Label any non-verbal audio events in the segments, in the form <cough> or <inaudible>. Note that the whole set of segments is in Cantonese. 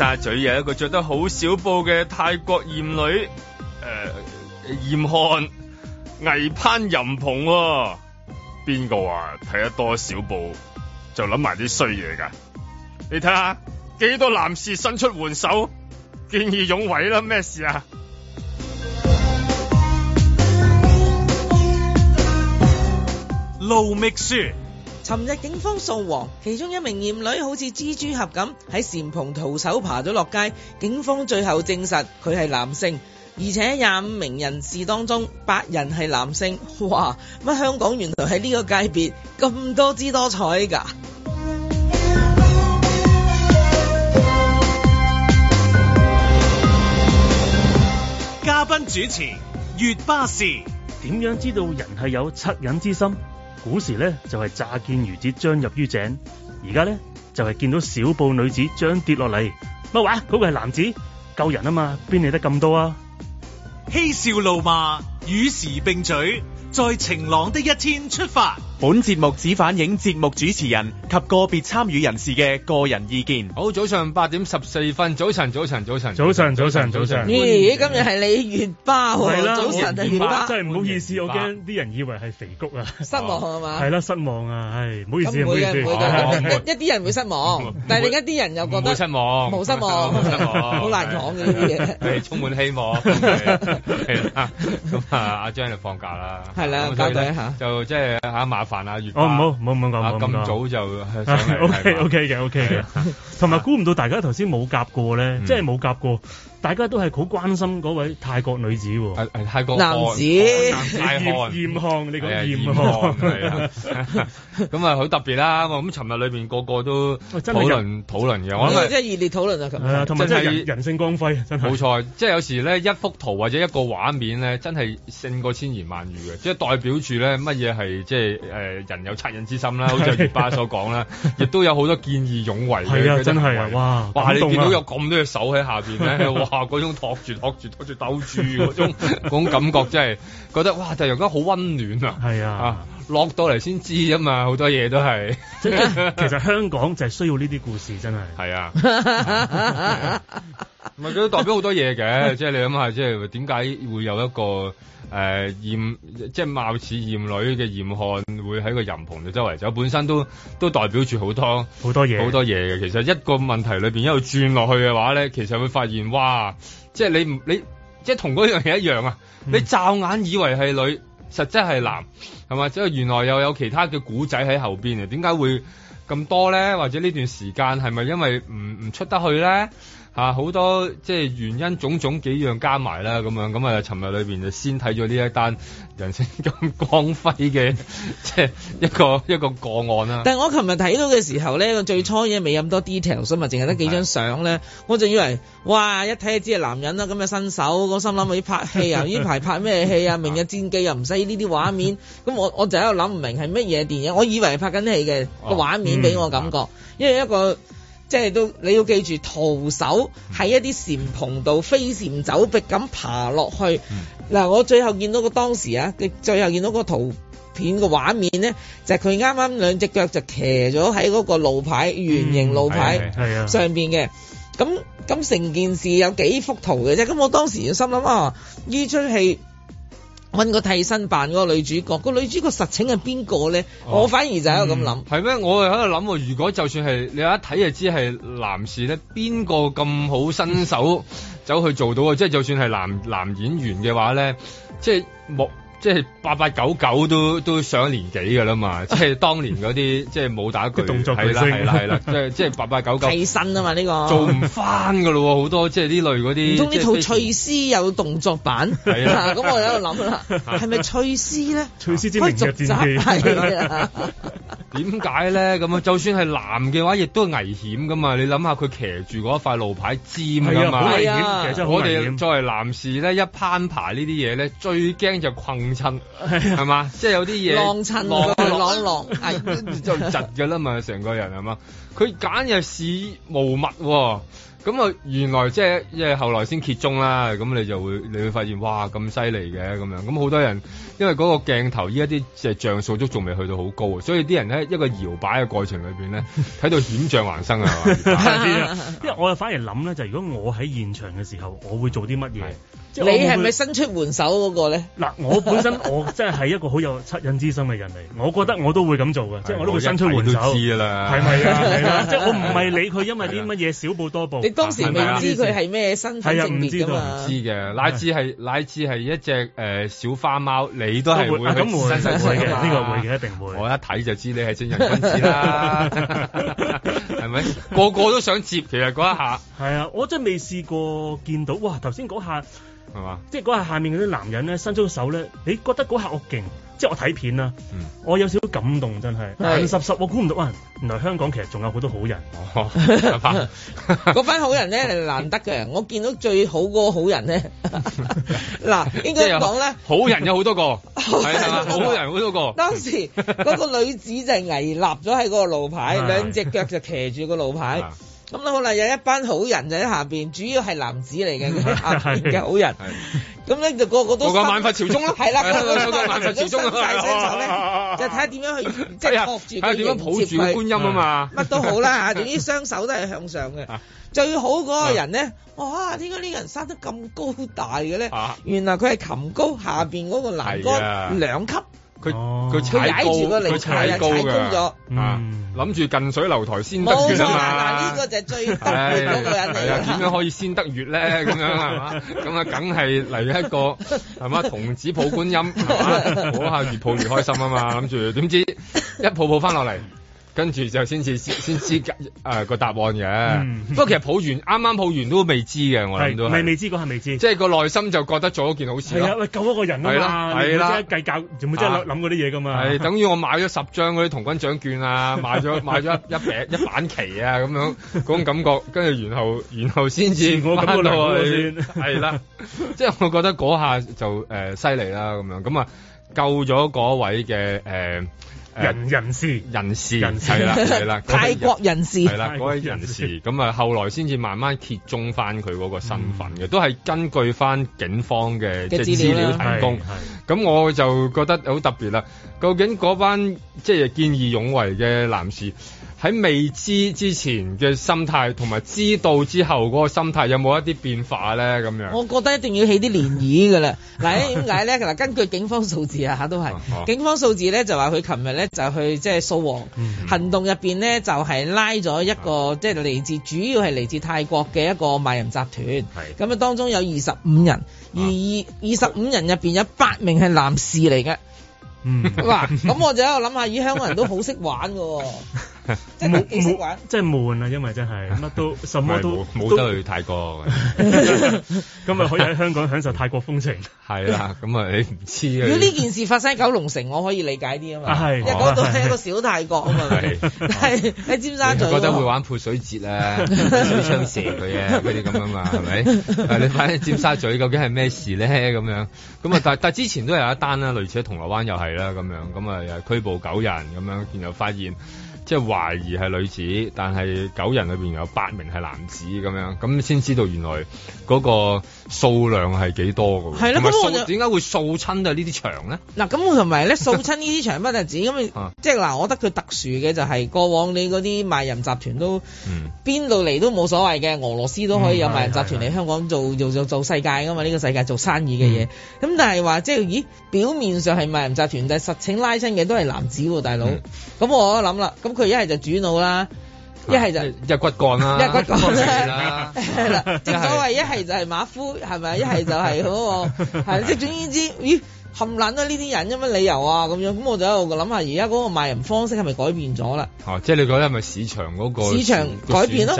沙嘴有一個着得好少布嘅泰國艷女，誒、呃，艷漢危攀淫蓬、哦，邊個話睇得多少布就諗埋啲衰嘢噶？你睇下，幾多男士伸出援手，見義勇為啦，咩事啊？路密書。琴日警方掃黃，其中一名艷女好似蜘蛛俠咁喺禪蓬徒手爬咗落街。警方最後證實佢係男性，而且廿五名人士當中八人係男性。哇！乜香港原來喺呢個界別咁多姿多彩噶？嘉賓主持：月巴氏。點樣知道人係有惻隱之心？古時咧就係、是、乍見孺子將入於井，而家咧就係、是、見到小布女子將跌落嚟，乜話？嗰、那個係男子救人啊嘛，邊嚟得咁多啊？嬉笑怒罵，與時並舉。在晴朗的一天出發。本節目只反映節目主持人及個別參與人士嘅個人意見。好，早上八點十四分，早晨，早晨，早晨，早晨，早晨，早晨。咦，今日係你月巴喎？早晨，月巴真係唔好意思，我驚啲人以為係肥谷啊。失望啊嘛？係啦，失望啊，唉，唔好意思，唔好意思。一，一啲人會失望，但係另一啲人又覺得冇失望，冇失望，好難講嘅呢啲嘢。係充滿希望。係咁啊，阿張就放假啦。係啦，交代一下，就即係嚇麻煩啊！越巴好唔好唔好咁講，咁早就上 O K O K 嘅 O K 嘅。同埋估唔到大家頭先冇夾過咧，即係冇夾過，大家都係好關心嗰位泰國女子喎。泰國男子，男子艷漢，你講艷漢係啊？咁啊好特別啦！咁尋日裏邊個個都討論討論嘅，我覺得即係熱烈討論啊，同埋真係人性光輝，真係冇錯。即係有時咧一幅圖或者一個畫面咧，真係勝過千言萬語嘅。即係代表住咧，乜嘢係即係誒、呃，人有惻隱之心啦，好似阿葉巴所講啦，亦 <laughs> 都有好多見義勇為嘅，啊、真係哇！哇！你見到有咁多隻手喺下邊咧，哇！嗰種托住、托住、托住、兜住嗰種感覺，真係覺得哇！突然間好溫暖啊！係啊～啊落到嚟先知啫嘛，好多嘢都係。即係其實香港就係需要呢啲故事，真係。係是啊。咁佢都代表好多嘢嘅，即係 <laughs> 你諗下，即係點解會有一個誒艷，即、呃、係、就是、貌似艷女嘅艷漢會喺個淫棚嘅周圍走，本身都都代表住好多好多嘢，好多嘢嘅。其實一個問題裏邊一路轉落去嘅話咧，其實會發現，哇！即、就、係、是、你你，你，即係同嗰樣嘢一樣啊！嗯、你驟眼以為係女。實質係難，係嘛？即係原來又有其他嘅古仔喺後邊啊？點解會咁多咧？或者呢段時間係咪因為唔唔出得去咧？吓，好多即係原因種種幾樣加埋啦，咁樣咁啊，尋日裏邊就先睇咗呢一單人生咁光輝嘅，即係一個一個個案啦。但係我尋日睇到嘅時候咧，個最初嘢，未咁多 detail，所以咪淨係得幾張相咧。是的 我仲以為哇，一睇知係男人啦，咁嘅新手，我心諗，要拍戲啊，呢排拍咩戲啊？明日戰記又唔使呢啲畫面，咁 <laughs> 我我就喺度諗唔明係乜嘢電影，我以為係拍緊戲嘅，個畫面俾我感覺，因為一個。即係都你要記住，徒手喺一啲簷篷度飛簷走壁咁爬落去。嗱、嗯，我最後見到個當時啊，最後見到個圖片個畫面咧，就係佢啱啱兩隻腳就騎咗喺嗰個路牌，圓形路牌上邊嘅。咁咁成件事有幾幅圖嘅啫。咁我當時就心諗啊，呢出戲。揾個替身扮嗰個女主角，個女主角實情係邊個咧？啊、我反而就喺度咁諗，係咩？我係喺度諗，如果就算係你一睇就知係男士咧，邊個咁好身手走去做到啊？即係 <laughs> 就，就算係男男演員嘅話咧，即係冇。即係八八九九都都上年紀噶啦嘛，即係當年嗰啲即係冇打動作巨星。係啦係啦係啦，即係即係八八九九替身啊嘛，呢個做唔翻噶咯，好多即係呢類嗰啲。唔通呢套《翠絲》有動作版，係啊，咁我喺度諗啦，係咪翠絲咧？翠絲之名嘅戰記，點解咧？咁啊，就算係男嘅話，亦都危險噶嘛。你諗下，佢騎住嗰塊路牌尖噶嘛，好危險，其實真係好危險。我哋作為男士咧，一攀爬呢啲嘢咧，最驚就困。親係嘛，即係有啲嘢浪親，浪浪浪，就窒噶啦嘛，成個人係嘛，佢揀又屎無物，咁啊，原來即係即係後來先揭盅啦，咁你就會你會發現哇咁犀利嘅咁樣，咁好多人因為嗰個鏡頭依家啲即係像素都仲未去到好高，所以啲人咧一個搖擺嘅過程裏邊咧睇到險象環生啊，因為我又反而諗咧，就係如果我喺現場嘅時候，我會做啲乜嘢？你係咪伸出援手嗰個咧？嗱，我本身我真係係一個好有惻隱之心嘅人嚟，我覺得我都會咁做嘅，即係我都會伸出援手。人啦，係咪啊？即係我唔係理佢，因為啲乜嘢少報多報。你當時未知佢係咩身份唔知㗎唔知嘅，乃至係乃至係一隻誒小花貓，你都係會咁伸出嘅。呢個會嘅，一定會。我一睇就知你係正人君子啦，係咪？個個都想接，其實嗰一下。係啊，我真係未試過見到哇！頭先嗰下。係嘛？即係嗰下下面嗰啲男人咧，伸出手咧，你覺得嗰下我勁？即係我睇片啦、啊，嗯、我有少少感動，真係。十十是，我估唔到啊！原來香港其實仲有好多好人。嗰班好人咧，難得嘅。我見到最好嗰個好人咧，嗱， <laughs> 應該講咧， <laughs> 好人有好多個， <laughs> 係係好人好多個。 <laughs> 當時嗰、嗰個女子就係危立咗喺個路牌， <laughs> 兩隻腳就騎住個路牌。 <laughs> <laughs> 咁咧可能有一班好人就喺下邊，主要係男子嚟嘅，下邊嘅好人，咁咧就個個都、啊，我講萬佛朝宗咯，係啦、ah，雙、就是、手都就睇下點樣去即係握住嘅，係點抱住嘅觀音啊嘛，乜都好啦嚇，總之雙手都係向上嘅，最好嗰個人咧，哇、啊！點解呢個人生得咁高大嘅咧？原來佢係擒高下邊嗰個欄杆兩級。佢佢踩高，佢踩高嘅，啊諗住、嗯、近水樓台先得月嘛。冇錯、啊，嗱呢個就係最大嗰個人嚟。點樣可以先得月咧？咁樣係嘛？咁啊， <laughs> 梗係嚟一個係嘛？童子抱觀音，係嘛？ <laughs> 下越抱越開心啊嘛！諗住點知一抱抱翻落嚟？ <laughs> <laughs> 跟住就先至先先知誒個答案嘅。不過其實抱完啱啱抱完都未知嘅，我諗到，係未未知嗰下未知，即係個內心就覺得做一件好事咯。喂救咗個人啦，係啦係啦，唔會真係計較，唔會真係諗嗰啲嘢噶嘛。係，等於我買咗十張嗰啲童軍獎券啊，買咗買咗一一板旗啊，咁樣嗰種感覺。跟住然後然後先至翻到去，係啦。即係我覺得嗰下就誒犀利啦咁樣。咁啊救咗嗰位嘅誒。人人士人士，係啦係啦，泰國人士係啦嗰位人士，咁啊了 <laughs> 後來先至慢慢揭盅翻佢嗰個身份嘅，嗯、都係根據翻警方嘅即係資料提供。咁我就覺得好特別啦，究竟嗰班即係見義勇為嘅男士？喺未知之前嘅心態，同埋知道之後嗰個心態，有冇一啲變化咧？咁樣，我覺得一定要起啲漣漪嘅啦。嗱、啊，點解咧？嗱，根據警方數字啊，都係警方數字咧，就話佢琴日咧就去即係掃黃行動入邊咧，嗯、就係拉咗一個、啊、即係嚟自主要係嚟自泰國嘅一個賣淫集團。係咁啊，當中有二十五人，而二二十五人入邊有八名係男士嚟嘅。啊、嗯，哇、啊！咁我就喺度諗下，咦， <laughs> 香港人都好識玩嘅喎。冇玩，即係悶啊！因為真係乜都，什麼都冇得去泰國。咁啊，可以喺香港享受泰國風情。係啦，咁啊，你唔知。如果呢件事發生喺九龍城，我可以理解啲啊嘛。係，因為嗰度係一個小泰國啊嘛。係喺尖沙咀，覺得會玩潑水節啊，水槍射佢啊，嗰啲咁啊嘛，係咪？啊，你睇尖沙咀究竟係咩事咧？咁樣咁啊，但但之前都有一單啦，類似喺銅鑼灣又係啦咁樣，咁啊又係拘捕九人咁樣，然後發現。即係懷疑係女子，但係九人裏邊有八名係男子咁樣，咁先知道原來嗰個數量係幾多㗎？係咯，咁我就點解會掃親呢啲場咧？嗱，咁同埋咧掃親呢啲場不特止？咁啊，即係嗱，我覺得佢特殊嘅就係過往你嗰啲賣淫集團都邊度嚟都冇所謂嘅，俄羅斯都可以有賣淫集團嚟香港做做做世界㗎嘛？呢個世界做生意嘅嘢，咁但係話即係咦，表面上係賣淫集團，但係實情拉親嘅都係男子喎，大佬。咁我諗啦，咁。佢一係就主腦啦，一係就一、啊就是、骨幹啦、啊，一 <laughs> 骨幹啦、啊，即所謂一係就係馬夫，係咪？一係 <laughs> 就係嗰、那個，係即係總言之，咦，冚撚都係呢啲人，有乜理由啊？咁樣咁，我就喺度諗下，而家嗰個賣人方式係咪改變咗啦？哦，即係你覺得係咪市場嗰、那個市場改變咯？咁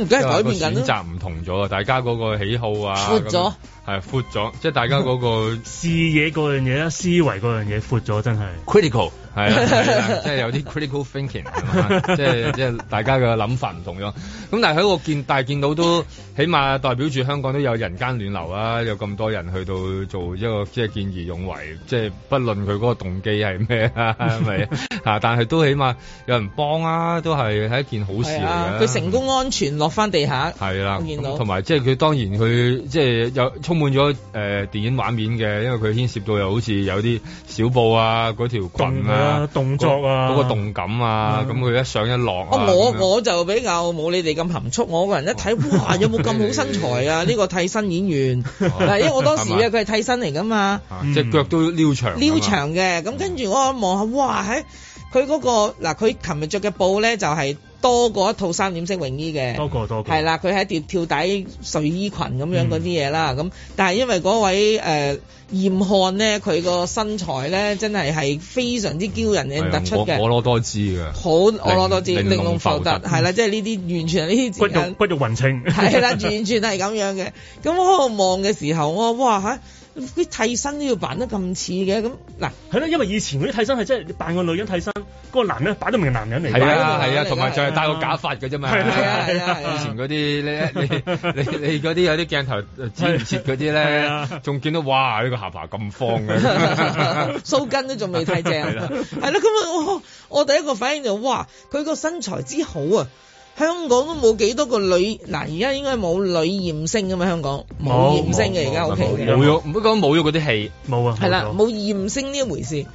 而家係改變緊咯？選擇唔同咗啊！大家嗰個喜好啊，闊咗。係闊咗，即係大家嗰個視野嗰樣嘢啦，思維嗰樣嘢闊咗，真係 critical 係，啦， <laughs> <laughs> 即係有啲 critical thinking， <laughs> 即係即係大家嘅諗法唔同咗。咁但係喺我見，但係見到都起碼代表住香港都有人間暖流啊！有咁多人去到做一個即係見義勇為，即係不論佢嗰個動機係咩，係咪啊？ <laughs> 但係都起碼有人幫啊，都係係一件好事嚟嘅。佢成功安全落翻地下，係啦的，見到同埋即係佢當然佢即係有充滿咗誒電影畫面嘅，因為佢牽涉到又好似有啲小布啊，嗰條裙啊，啊，動作啊，嗰個、那個動感啊，咁佢、嗯、一上一落、啊。我我就比較冇你哋咁含蓄，我個人一睇，哇，哇，有冇咁好身材啊？呢 <laughs> 個替身演員，哦、因為我當時咧佢係替身嚟㗎嘛，隻腳、啊嗯、都撩長，撩長嘅。咁跟住我一望下，哇，喺佢嗰個嗱，佢琴日着嘅布咧就係、是。多過一套三點式泳衣嘅，多過多過，係啦，佢係一條跳底睡衣裙咁樣嗰啲嘢啦。咁、嗯、但係因為嗰位誒豔、呃、漢咧，佢個身材咧真係係非常之驕人嘅、嗯、突出嘅，婀娜多姿嘅，好婀娜多姿。玲瓏浮凸係啦，即係呢啲完全係呢啲骨肉骨肉勻稱，係啦，完全係咁 <laughs> 樣嘅。咁我望嘅時候，我話哇嚇！啲替身都要扮得咁似嘅？咁嗱，係咯，因為以前嗰啲替身係真係扮個女人替身，個男人擺到明男人嚟。係啊係啊，同埋就係戴個假髮嘅啫嘛，係啊係啊，以前嗰啲咧，你你你嗰啲有啲鏡頭接唔切嗰啲咧，仲見到哇呢個下巴咁方嘅，鬚根都仲未太正，係咯，咁我我第一個反應就哇，佢個身材之好啊！香港都冇幾多個女嗱，而家應該冇女艷星㗎嘛？香港冇艷星嘅而家，OK 冇冇咗，不過冇咗嗰啲戲冇啊。係啦，冇艷星呢一回事。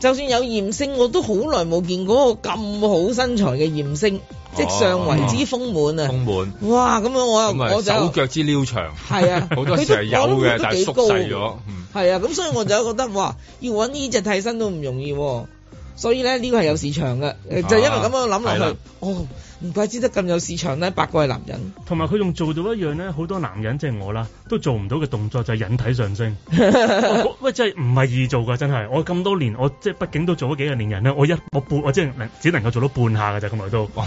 就算有艷星，我都好耐冇見過個咁好身材嘅艷星，即上圍之豐滿啊！豐滿哇，咁樣我又我就手腳之修長，係啊，好多時有嘅，但縮細，係啊，咁所以我就覺得話要揾呢隻替身都唔容易，所以咧呢個係有市場嘅，就因為咁樣諗落去，哦。唔怪之得咁有市場咧，八個係男人，同埋佢仲做到一樣咧，好多男人即係、就是、我啦，都做唔到嘅動作就係、是、引體上升。喂、oh,，真係唔係易做㗎，真係。我咁多年，我即係畢竟都做咗幾廿年幾十年人咧，我一我半，我即係只能夠做到半下㗎咋咁耐都。半、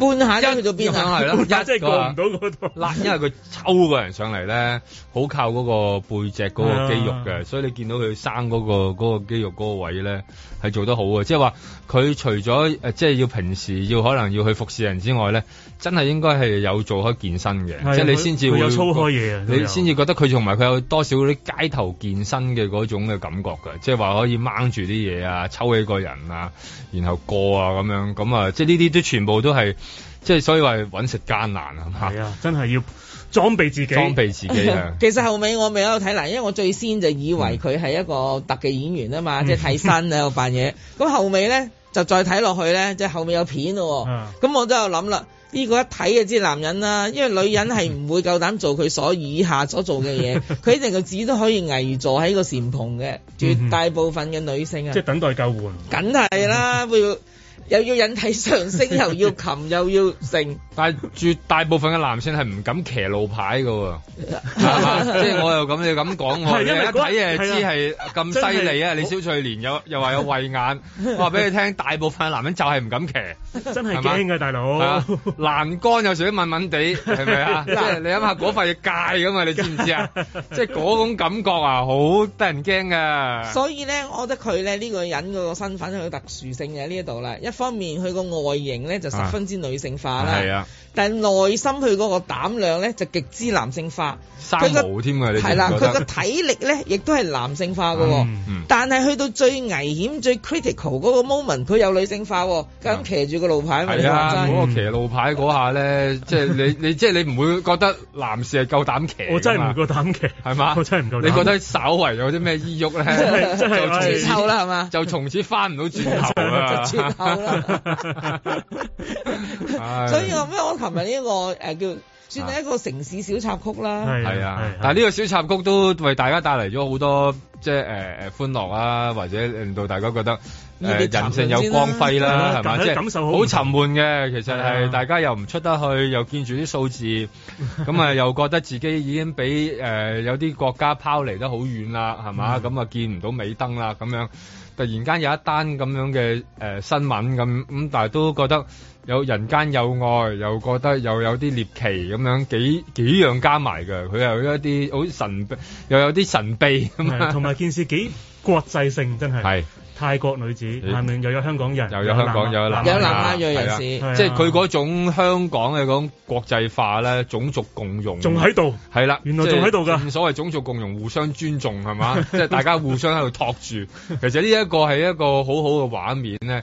oh. 下就一。啊、一去到邊上係咯，一即係過唔到嗰度。嗱，因為佢抽個人上嚟咧，好靠嗰個背脊嗰、那個肌肉嘅，啊、所以你見到佢生嗰、那個那個肌肉嗰個位咧，係做得好嘅。即係話佢除咗誒，即、啊、係、就是、要平時要可能。要去服侍人之外咧，真係應該係有做開健身嘅，的即係你先至會有操開嘢、啊，你先至覺得佢同埋佢有多少啲街頭健身嘅嗰種嘅感覺嘅，即係話可以掹住啲嘢啊，抽起個人啊，然後過啊咁樣，咁啊，即係呢啲都全部都係，即係所以話揾食艱難啊，係啊，真係要裝備自己，裝備自己、哎、其實後尾我未有睇嗱，因為我最先就以為佢係一個特技演員啊嘛，即係替身喺度扮嘢。咁、嗯、 <laughs> 後尾咧。就再睇落去呢，即係後面有片咯、哦。咁、啊、我都有諗啦，呢、這個一睇就知男人啦，因為女人係唔會夠膽做佢所以下所做嘅嘢，佢 <laughs> 一定個紙都可以危坐喺個蟬棚嘅，絕大部分嘅女性啊， <laughs> 即係等待救援，緊係啦，會要又要引體上升，又要擒，又要成。 <laughs> <laughs> 但係絕大部分嘅男性係唔敢騎路牌嘅，係嘛？即係我又咁要咁講喎，一睇誒知係咁犀利啊！李小翠蓮又又話有慧眼，我話俾你聽，大部分嘅男人就係唔敢騎，真係驚嘅，大佬欄杆有時都掹掹地，係咪啊？即係你諗下嗰塊嘢戒咁嘛，你知唔知啊？即係嗰種感覺啊，好得人驚嘅。所以咧，我覺得佢咧呢個人嗰個身份有特殊性嘅呢一度啦。一方面佢個外形咧就十分之女性化啦。係啊。但係內心佢嗰個膽量咧就極之男性化，生毛添㗎呢個係啦，佢個體力咧亦都係男性化嘅喎。但係去到最危險、最 critical 嗰個 moment，佢有女性化，咁騎住個路牌咪你話齋。係啊，嗰個騎路牌嗰下咧，即係你你即係你唔會覺得男士係夠膽騎，我真係唔夠膽騎，係嘛？我真係唔夠膽。你覺得稍為有啲咩衣郁咧？就轉後啦，係嘛？就從此翻唔到轉頭啦。所以我。我琴日呢個誒、呃、叫算係一個城市小插曲啦，係啊，啊啊但係呢個小插曲都為大家帶嚟咗好多即係誒誒歡樂啊，或者令到大家覺得呢啲、呃呃、人性有光輝啦，係咪、呃？即係好沉悶嘅，其實係大家又唔出得去，又見住啲數字，咁啊、嗯、又覺得自己已經俾誒、呃、有啲國家拋離得好遠啦，係嘛？咁啊、嗯、見唔到尾燈啦，咁樣突然間有一單咁樣嘅誒新聞咁咁，但係都覺得。有人間有愛，又覺得又有啲獵奇咁樣，幾幾樣加埋嘅。佢又有一啲好神秘，又有啲神秘咁，同埋件事幾國際性真係。係泰國女子下面又有香港人，又有香港，又有南亞，又有南亞裔人士，即係佢嗰種香港嘅嗰種國際化咧，種族共融仲喺度係啦，原來仲喺度㗎。所謂種族共融，互相尊重係嘛？即係大家互相喺度托住。其實呢一個係一個好好嘅畫面咧。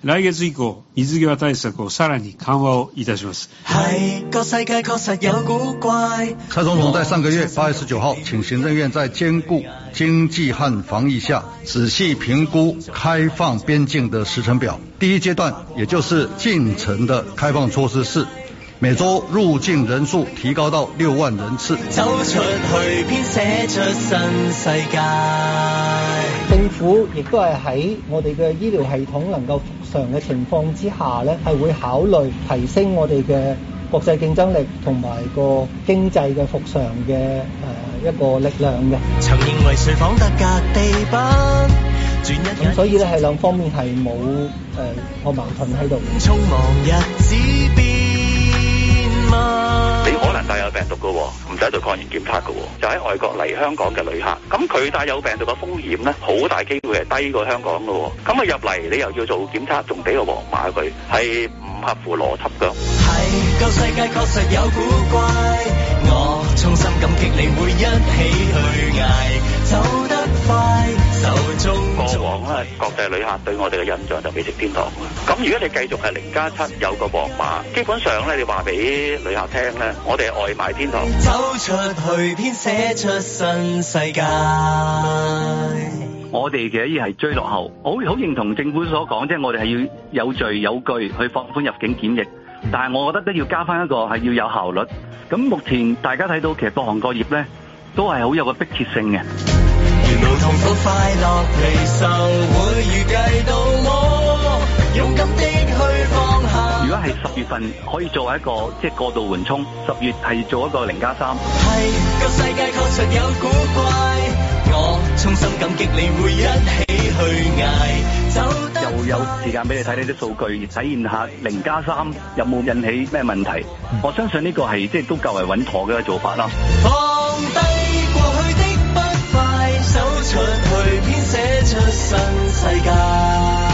來月以後，水際對策將更為緩和。嗯、蔡總統在上個月八月十九號請行政院在兼顧經濟和防疫下，仔細評估開放邊境的時程表。第一階段，也就是進程的開放措施是，每周入境人數提高到六萬人次。走出去，編寫出新世界。政府亦都係喺我哋嘅醫療系統能夠常嘅情況之下咧，係會考慮提升我哋嘅國際競爭力同埋個經濟嘅復常嘅誒一個力量嘅。咁所以咧，係兩方面係冇誒個矛盾喺度。呃帶有病毒嘅，唔使做抗原檢測嘅，就喺外國嚟香港嘅旅客，咁佢帶有病毒嘅風險咧，好大機會係低過香港嘅，咁啊入嚟你又要做檢測，仲俾個黃碼佢，係唔合乎邏輯嘅。係，個世界確實有古怪。過往咧，國際旅客對我哋嘅印象就美食天堂。咁如果你繼續係零加七有個黃碼，基本上咧，你話俾旅客聽咧，我哋。外賣天堂，走出去編寫出新世界。我哋嘅依係追落後，我好認同政府所講，即係我哋係要有序有據去放寬入境檢疫，但係我覺得都要加翻一個係要有效率。咁目前大家睇到其實各行各業咧，都係好有個迫切性嘅。係十月份可以作為一個即係過渡緩衝，十月係做一個零加三。係個世界確實有古怪，我衷心感激你會一起去捱。走又有時間俾你睇呢啲數據，體驗下零加三有冇引起咩問題？嗯、我相信呢個係即係都較為穩妥嘅一個做法啦。放低過去的不快，走出去編寫出新世界。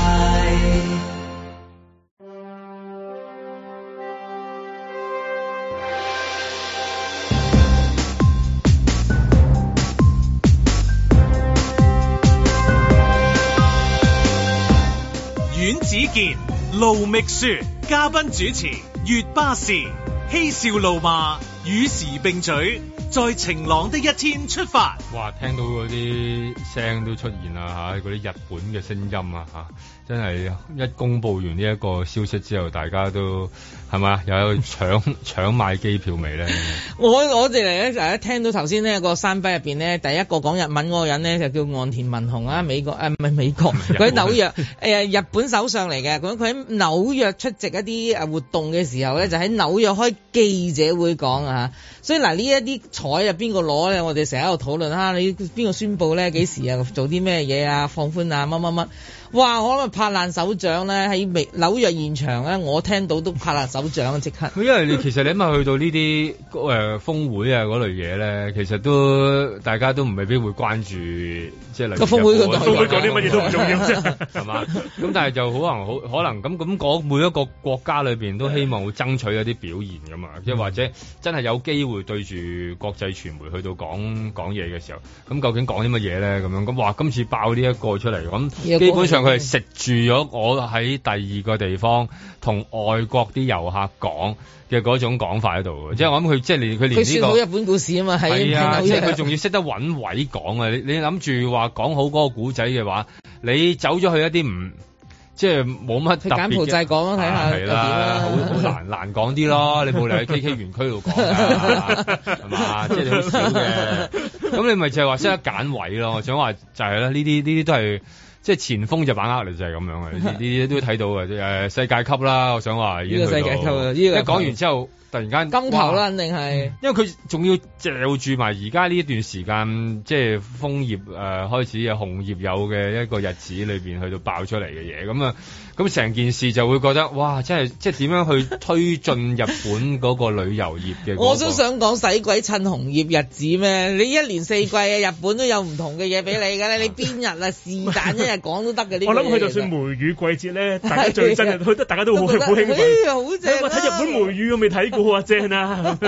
阮子健、盧覓雪，嘉賓主持，粵巴士嬉笑怒罵，與時並舉。在晴朗的一天出發。哇！聽到嗰啲聲都出現啦嚇，嗰、啊、啲日本嘅聲音啊嚇，真係一公佈完呢一個消息之後，大家都係咪啊？又有一搶 <laughs> 搶買機票未咧 <laughs> ？我我哋嚟咧就一聽到頭先呢個山壁入邊咧，第一個講日文嗰個人咧就叫岸田文雄啊，美國誒唔係美國，佢喺紐約誒、 <laughs> 呃、日本首相嚟嘅，咁佢喺紐約出席一啲誒活動嘅時候咧，就喺紐約開記者會講啊,啊所以嗱，呢一啲彩啊，邊個攞咧？我哋成日喺度討論下，你邊個宣布咧？幾時啊？做啲咩嘢啊？放寬啊？乜乜乜？哇！我諗拍爛手掌咧，喺紐約現場咧，我聽到都拍爛手掌啊！即刻。佢 <laughs> 因為你其實你咁啊去到呢啲誒峰會啊嗰類嘢咧，其實都大家都唔未必會關注。即係嚟講，峰會講啲乜嘢都唔重要啫，係嘛？ <laughs> 咁但係就可能好可能咁咁講每一個國家裏邊都希望會爭取一啲表現㗎嘛，即係、嗯、或者真係有機會對住國際傳媒去到講講嘢嘅時候，咁究竟講啲乜嘢咧？咁樣咁哇，今次爆呢一個出嚟咁，基本上佢係食住咗我喺第二個地方同外國啲遊客講。嘅嗰種講法喺度，即係我諗佢即係連佢連呢個。佢好一本故事啊嘛，係啊，佢仲要識得揾位講啊！你你諗住話講好嗰個古仔嘅話，你走咗去一啲唔即係冇乜特別。柬埔寨講咯，睇下點啦，好、啊、難難講啲咯。你冇理由喺 K K 園區度講㗎，係嘛？ <laughs> 即係你好少嘅。咁你咪就係話識得揀位咯？我想話就係咧，呢啲呢啲都係。即係前鋒就把握嚟，就係咁樣嘅，呢啲都睇到嘅。誒世界級啦，我想話呢個世界級。呢、這個一講完之後，突然間金球啦，哇肯定係因為佢仲要就住埋而家呢一段時間，即係楓葉誒開始紅葉有紅葉有嘅一個日子裏邊去到爆出嚟嘅嘢，咁、嗯、啊，咁、嗯、成、嗯、件事就會覺得哇！真係即係點樣去推進日本嗰個旅遊業嘅？我都想講使鬼趁紅葉日子咩？你一年四季啊，日本都有唔同嘅嘢俾你㗎啦，你邊日啊是但 <laughs> 一日、啊。 <laughs> 講都得嘅，我諗佢就算梅雨季節咧，哎、呀大家最憎嘅，佢都、哎、呀大家都好，好興奮。誒，好正、哎！啊、我睇日本梅雨我未睇過 <laughs> 棒啊，正 <laughs> <laughs> 啊！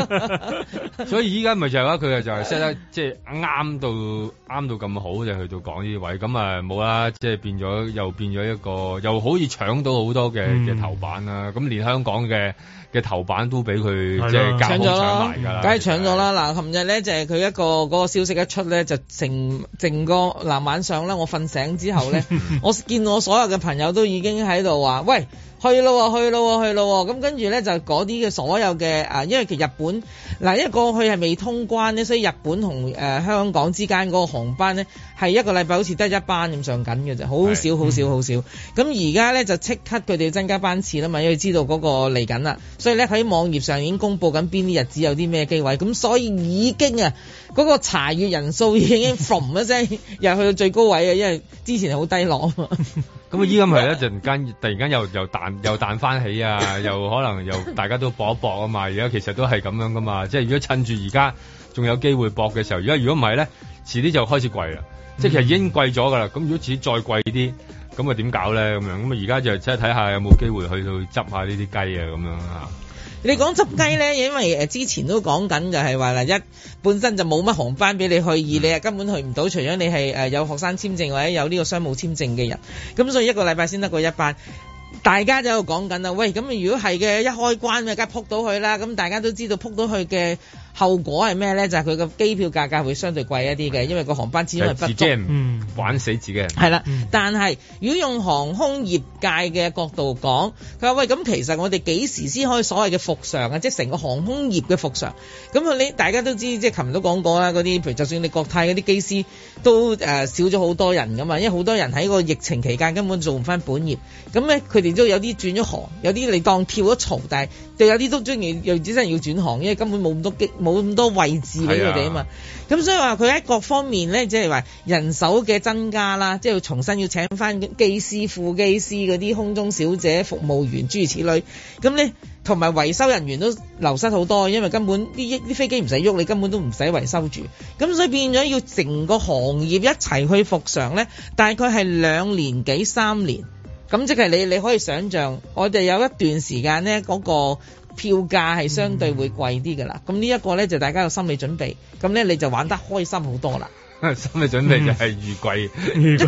所以依家咪就係話佢啊，就係 set 得即係啱到啱到咁好，就是、去到講呢位咁啊，冇啦！即、就、係、是、變咗又變咗一個，又可以搶到好多嘅嘅頭版啦！咁、嗯嗯、連香港嘅。嘅頭版都俾佢，的即係搶咗啦，梗係搶咗啦！嗱，琴日咧就係、是、佢一個嗰、那個消息一出咧，就成成個嗱晚上咧，我瞓醒之後咧， <laughs> 我見我所有嘅朋友都已經喺度話：喂。去咯，去咯，去咯！咁跟住呢，就嗰啲嘅所有嘅啊，因為其日本嗱，因為過去係未通關咧，所以日本同誒、呃、香港之間嗰個航班呢，係一個禮拜好似得一班咁上緊嘅啫，好少好少好少。咁而家呢，就即刻佢哋增加班次啦嘛，因為知道嗰個嚟緊啦，所以呢，喺網頁上已經公佈緊邊啲日子有啲咩機位。咁所以已經啊，嗰、嗰個查閲人數已經馴一聲又去到最高位啊，因為之前好低落。 <laughs> 咁依家係一陣間，突然間又又彈又彈翻起啊！又可能又大家都搏一搏啊嘛！而家其實都係咁樣噶嘛，即係如果趁住而家仲有機會搏嘅時候，而家如果唔係咧，遲啲就開始貴啦。即係其實已經貴咗噶啦。咁如果遲啲再貴啲，咁啊點搞咧？咁樣咁啊，而家就即係睇下有冇機會去到執下呢啲雞啊咁樣啊。你講執雞呢，因為誒、呃、之前都講緊就係話嗱，一本身就冇乜航班俾你去，二你啊根本去唔到，除咗你係誒、呃、有學生簽證或者有呢個商務簽證嘅人，咁所以一個禮拜先得過一班。大家就喺度講緊啦，喂，咁如果係嘅一開關咪梗係撲到佢啦，咁大家都知道撲到佢嘅。後果係咩咧？就係佢個機票價格會相對貴一啲嘅，因為個航班始終係不足。自己不玩死自己人。係啦的，嗯、但係如果用航空業界嘅角度講，佢話喂，咁其實我哋幾時先可以所謂嘅復常啊？即係成個航空業嘅復常。咁你大家都知，即係琴日都講過啦。嗰啲譬如就算你國泰嗰啲機師都誒、呃、少咗好多人㗎嘛，因為好多人喺個疫情期間根本做唔翻本業。咁咧，佢哋都有啲轉咗行，有啲你當跳咗槽，但係就有啲都鍾意又本身要轉行，因為根本冇咁多機。冇咁多位置俾佢哋啊嘛，咁 <noise> 所以話佢喺各方面呢，即係話人手嘅增加啦，即係要重新要請翻機師、副機師、嗰啲空中小姐、服務員諸如此類，咁呢，同埋維修人員都流失好多，因為根本啲啲飛機唔使喐，你根本都唔使維修住，咁所以變咗要成個行業一齊去復常呢，大概係兩年幾三年，咁即係你你可以想象，我哋有一段時間呢嗰個。票價係相對會貴啲㗎啦，咁呢一個咧就大家有心理準備，咁咧你就玩得開心好多啦。 <laughs> 心理準備就係預貴，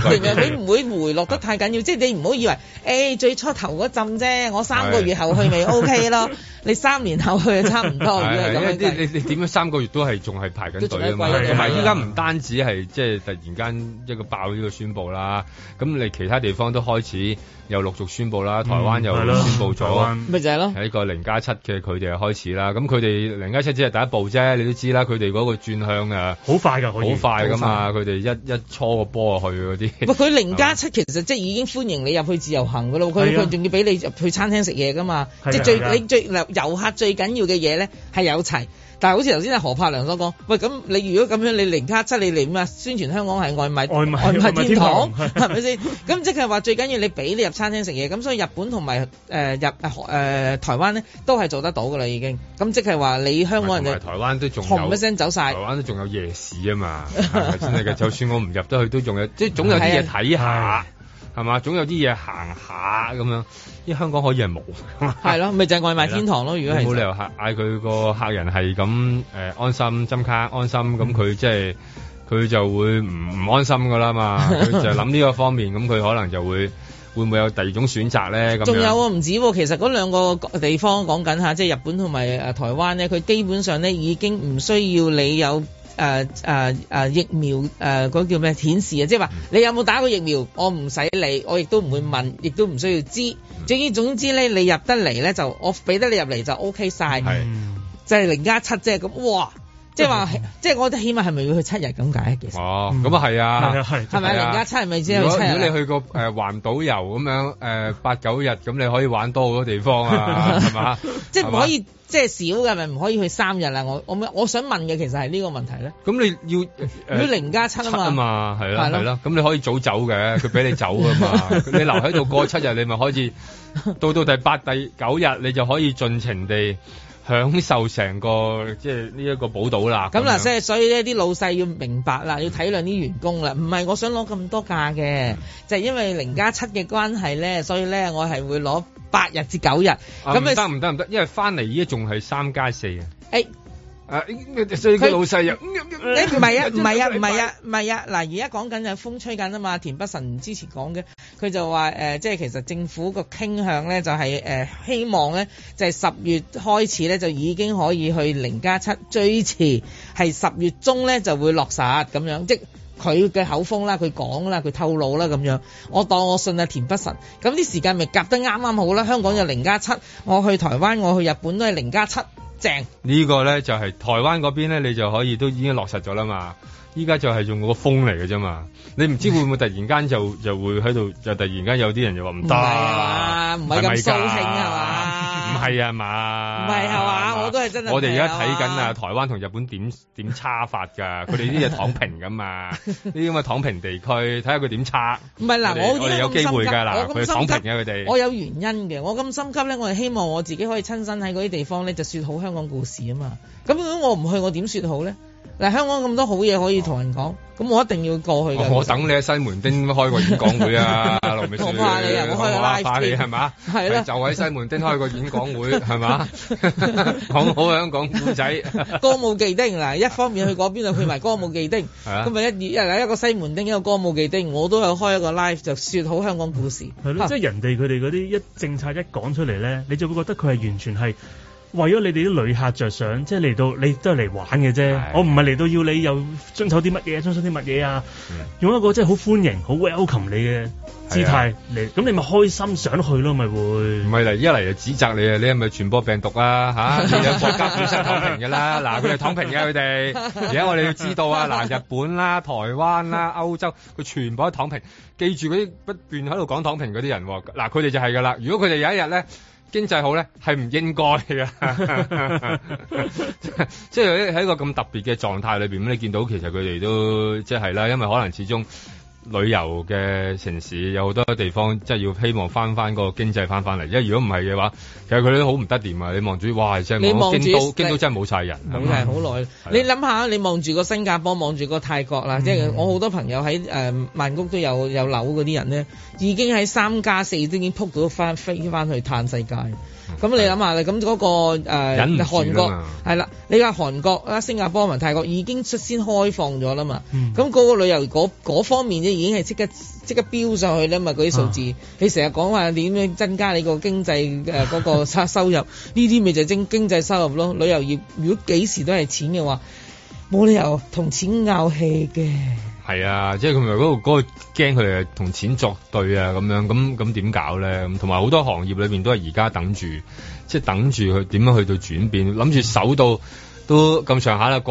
<laughs> 鬼一定係會唔會回落得太緊要？啊、即係你唔好以為，誒、哎、最初頭嗰陣啫，我三個月後去咪 OK 咯？ <laughs> 你三年後去就差唔多。係你你點樣三個月都係仲係排緊隊，同埋依家唔單止係，即係突然間一個爆呢個宣佈啦，咁你其他地方都開始。又陸續宣布啦，台灣又宣布咗，咪 <laughs> 台灣 就係咯，喺個零加七嘅佢哋開始啦。咁佢哋零加七只係第一步啫，你都知啦。佢哋嗰個轉向噶，好快噶，好快噶嘛。佢哋、嗯、一一搓個波落去嗰啲。唔，佢零加七吧其實即係已經歡迎你入去自由行噶咯，佢佢仲要俾你入去餐廳食嘢噶嘛。即係、啊、最你、啊、最，最遊客最緊要嘅嘢咧係有齊。但係好似頭先係何柏良所講，喂咁你如果咁樣，你零卡七你點啊？宣傳香港係外賣外賣，外賣天堂係咪先？咁 <laughs> 即係話最緊要你俾你入餐廳食嘢，咁所以日本同埋誒入誒台灣咧都係做得到嘅啦已經。咁即係話你香港人誒台灣都仲唔一聲走晒，台灣都仲有夜市啊嘛，係咪真係嘅？ <laughs> 就算我唔入得去都仲有，即係總有啲嘢睇下。 <laughs> 係嘛？總有啲嘢行下咁樣，因為香港可以係冇。係咯的，咪 <laughs> 就係外賣天堂咯。的如果係冇理由嗌佢個客人係咁誒安心針卡安心，咁佢 <laughs> 即係佢就會唔唔安心㗎啦嘛。佢 <laughs> 就諗呢個方面，咁佢可能就會會唔會有第二種選擇咧？咁仲有啊？唔止喎，其實嗰兩個地方講緊下，即係日本同埋誒台灣咧，佢基本上咧已經唔需要你有。誒誒誒疫苗誒嗰、uh, 叫咩顯示啊？即係話你有冇打過疫苗？我唔使理，我亦都唔會問，亦都唔需要知。總之總之咧，你入得嚟咧就我俾得你入嚟就 OK 曬，即係零加七啫。咁哇，即係話即係我覺得起碼係咪要去七日咁解？其實哦，咁啊係啊，係咪零加七係咪只係如果你去過誒環島遊咁樣誒八九日咁，emulate, uh, 你可以玩多好多地方啊，係嘛？即係唔可以。即係少嘅咪唔可以去三日啦！我我我想問嘅其實係呢個問題咧。咁你要，呃、要零加七啊嘛，係啦係啦，咁你可以早走嘅，佢俾你走噶嘛。 <laughs> 你留喺度過七日，你咪可以 <laughs> 到到第八、第九日，你就可以盡情地，享受成個，即係呢一個寶島啦。咁嗱，即係、啊、所以咧，啲老細要明白啦，嗯、要體諒啲員工啦。唔係我想攞咁多假嘅，嗯、就係因為零加七嘅關係咧，所以咧我係會攞八日至九日。咁你得唔得唔得，因為翻嚟依家仲係三加四啊。誒。欸誒、啊，所以個老細又，唔係、欸、啊，唔係、嗯、啊，唔係啊，唔係 <laughs> 啊，嗱，而家講緊係風吹緊啊嘛，田北辰之前講嘅，佢就話誒、呃，即係其實政府個傾向咧就係、是、誒、呃、希望咧就係、是、十月開始咧就已經可以去零加七，最遲係十月中咧就會落實咁樣，即係佢嘅口風啦，佢講啦，佢透露啦咁樣，我當我信啊田北辰，咁啲時間咪夾得啱啱好啦，香港有零加七，7，我去台灣我去日本都係零加七。7，正呢個咧就係台灣嗰邊咧，你就可以都已經落實咗啦嘛。依家就係用個風嚟嘅啫嘛。你唔知會唔會突然間就 <laughs> 就會喺度，就突然間有啲人就話唔得啊？唔係啊嘛，唔係咁掃興啊嘛。係啊嘛，唔係係嘛，我都係真。我哋而家睇緊啊，台灣同日本點點差法噶，佢哋啲嘢躺平噶嘛，呢啲咁嘅躺平地區，睇下佢點差。唔係嗱，們我哋有機會噶嗱，佢躺平嘅佢哋。我有原因嘅，我咁心急咧，我係希望我自己可以親身喺嗰啲地方咧，就説好香港故事啊嘛。咁如果我唔去，我點説好咧？嗱，香港咁多好嘢可以同人講，咁我一定要過去。我等你喺西門町開個演講會啊，羅美書。我怕你又我開個 live，係嘛？係啦，就喺西門町開個演講會，係嘛？講好香港故仔，歌舞伎丁。嗱，一方面去嗰邊就去埋歌舞伎丁，咁咪一，一一個西門町，一個歌舞伎丁。我都係開一個 live，就説好香港故事。係咯，即係人哋佢哋嗰啲一政策一講出嚟咧，你就會覺得佢係完全係。為咗你哋啲旅客着想，即係嚟到你都係嚟玩嘅啫。的我唔係嚟到要你又遵守啲乜嘢，遵守啲乜嘢啊？的用一個即係好歡迎、好 welcome 你嘅姿態嚟，咁的你咪開心想去咯，咪會。唔係嚟，一嚟就指責你啊！你係咪傳播病毒啊？吓、啊，有國家本身躺平嘅啦。嗱， <laughs> 佢哋躺平嘅佢哋。而家我哋要知道啊，嗱，日本啦、啊、台灣啦、啊、歐洲，佢全部喺躺平。記住嗰啲不斷喺度講躺平嗰啲人，嗱，佢哋就係噶啦。如果佢哋有一日咧，經濟好咧，係唔應該嘅，即係喺喺一個咁特別嘅狀態裏邊咧，你見到其實佢哋都即係啦，因為可能始終。旅遊嘅城市有好多地方，即係要希望翻翻嗰個經濟翻翻嚟。因為如果唔係嘅話，其實佢哋都好唔得掂啊！你望住，哇，真係冇，京都京都真係冇晒人，冇曬好耐。你諗下，你望住個新加坡，望住個泰國啦，即係、嗯、我好多朋友喺誒、呃、曼谷都有有樓嗰啲人咧，已經喺三加四都已經撲到翻飛翻去歎世界。咁、嗯、你諗下啦，咁嗰的、那個誒、呃、韓國係啦，你話韓國啊新加坡同泰國已經率先開放咗啦嘛，咁嗰、嗯、個旅遊嗰、那個、方面已經係即刻即刻飆上去咧嘛，嗰啲數字，你成日講話點樣增加你個經濟誒嗰個收收入，呢啲咪就係經經濟收入咯。旅遊業如果幾時都係錢嘅話，冇理由同錢拗氣嘅。係啊，即係佢咪嗰個嗰個驚佢哋同錢作對啊咁樣，咁咁點搞咧？同埋好多行業裏邊都係而家等住，即係等住佢點樣去到轉變，諗住守到。都咁上下啦啩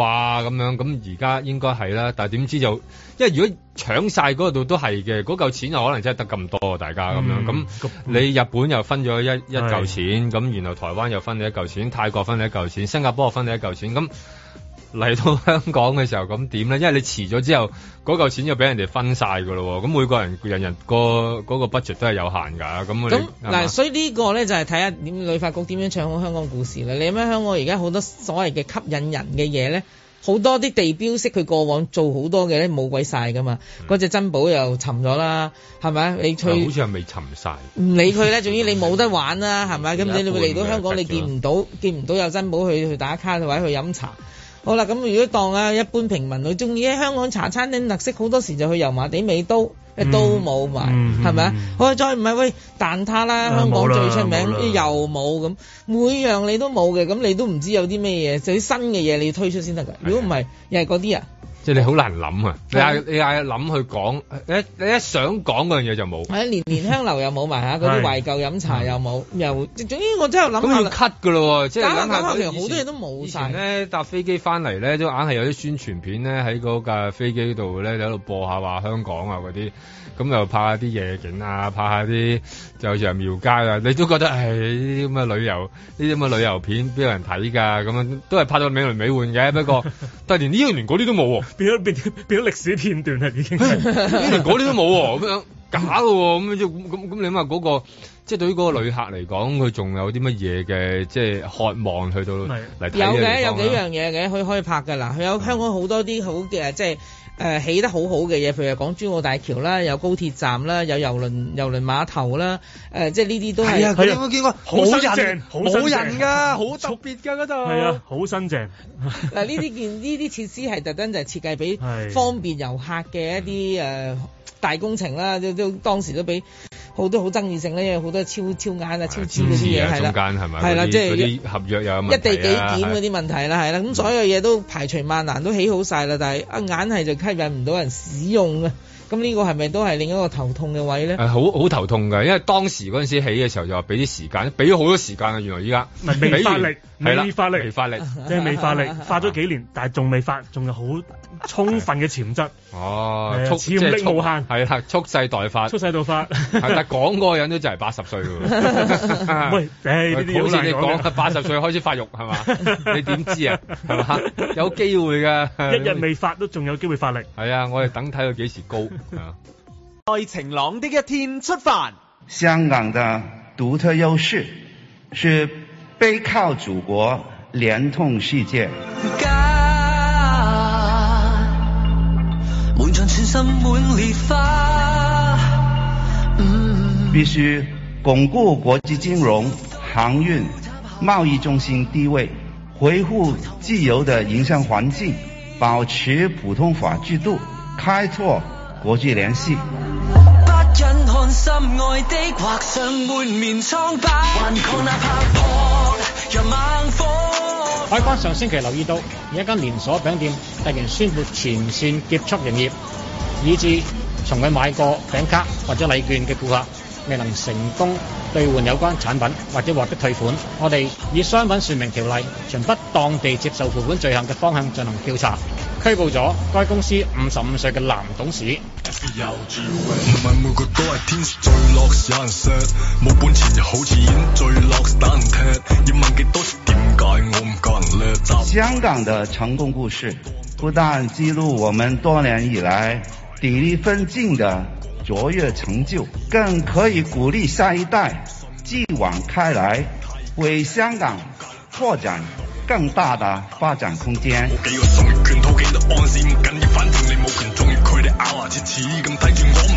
咁樣，咁而家應該係啦，但係點知就，因為如果搶晒嗰度都係嘅，嗰嚿錢又可能真係得咁多，大家咁樣咁，嗯、你日本又分咗一一嚿錢咁的然後台灣又分你一嚿錢，泰國分你一嚿錢，新加坡分你一嚿錢咁。嚟到香港嘅時候，咁點咧？因為你遲咗之後，嗰嚿錢就俾人哋分晒㗎咯。咁每個人、人人、個嗰個 budget 都係有限㗎。咁嗱，嗯、吧所以個呢個咧就係睇下點旅發局點樣唱好香港故事啦。你睇下香港而家好多所謂嘅吸引人嘅嘢咧，好多啲地標式佢過往做好多嘅咧，冇鬼晒㗎嘛。嗰隻、嗯、珍寶又沉咗啦，係咪啊？你佢、嗯、好似係未沉晒，唔理佢咧。總之你冇得玩啦，係咪？咁你你嚟到香港，你見唔到見唔到有珍寶去去打卡或者去飲茶。好啦，咁如果當啊一般平民佢中意喺香港茶餐廳特色，好多時就去油麻地美都，咩、嗯、都冇埋，係咪啊？我再唔係喂蛋撻啦，哎、香港最出名、哎、又冇咁，每樣你都冇嘅，咁你都唔知有啲咩嘢，就啲新嘅嘢你要推出先得㗎。如果唔係，又係嗰啲啊。 <noise> 即係你好難諗啊！你嗌你嗌諗去講，你一你一想講嗰樣嘢就冇。係連蓮香樓又冇埋嚇，嗰啲懷舊飲茶又冇，又總之我真係諗下。要 cut 㗎咯，即係諗下其實好多嘢都冇曬。以前咧搭飛機翻嚟咧，都硬係有啲宣傳片咧喺嗰架飛機度咧喺度播下話香港啊嗰啲，咁又拍下啲夜景啊，拍下啲就好似係廟街啊，你都覺得呢啲咁嘅旅遊呢啲咁嘅旅遊片邊有人睇㗎？啊？咁樣都係拍到美輪美奐嘅，不過 <laughs> 但係連呢樣連嗰啲都冇。變咗變變咗歷史片段係已經，以前嗰啲都冇咁樣，假嘅喎，咁咁咁你話嗰個，即係對於嗰個旅客嚟講，佢仲有啲乜嘢嘅即係渴望去到嚟睇嘅地方？有嘅，有幾樣嘢嘅，佢可以拍嘅嗱，佢有香港好多啲好嘅即係。誒、呃、起得好好嘅嘢，譬如講珠澳大橋啦，有高鐵站啦，有遊輪遊輪碼頭啦，誒、呃、即係呢啲都係佢、啊、有冇見過好、啊、新淨，冇人㗎，好 <laughs> 特別㗎，嗰度係啊，好新淨嗱，呢啲件呢啲設施係特登就係設計俾方便遊客嘅一啲誒。大工程啦，都都當時都俾好多好爭議性啦，因為有好多超超眼啊、超尖嗰啲嘢係啦，係啦，即係啲合約有、啊、一地幾點嗰啲問題啦，係啦，咁所有嘢都排除萬難都起好晒啦，但係一眼係就吸引唔到人使用啊。咁呢個係咪都係另一個頭痛嘅位咧？係好好頭痛㗎，因為當時嗰陣時起嘅時候就話俾啲時間，俾咗好多時間啊！原來依家未發力，未發力，未發力，即係未發力，發咗幾年，但係仲未發，仲有好充分嘅潛質。哦，潛力無限，係係蓄勢待發，蓄勢到發。但係講個人都就係八十歲㗎喎。喂，誒好似你講八十歲開始發育係嘛？你點知啊？係嘛？有機會㗎，一日未發都仲有機會發力。係啊，我哋等睇佢幾時高。在晴朗的一天出發。香港的獨特優勢是背靠祖國，連通世界。嗯、必須鞏固國際金融、航運、貿易中心地位，維護自由的營商環境，保持普通法制度，開拓國際聯繫。海關上星期留意到，有一間連鎖餅店突然宣布全線結束營業，以致從佢買過餅卡或者禮券嘅顧客未能成功兌換有關產品或者獲得退款。我哋以商品說明條例，循不當地接受付款罪行嘅方向進行調查。拘捕咗該公司五十五歲嘅男董事。香港的成功故事，不但記錄我們多年以來砥礪奮進的卓越成就，更可以鼓勵下一代繼往開來，為香港拓展更大的發展空間。到安史唔緊要，反正你冇權縱容佢哋咬牙切齒咁睇住我。 <noise>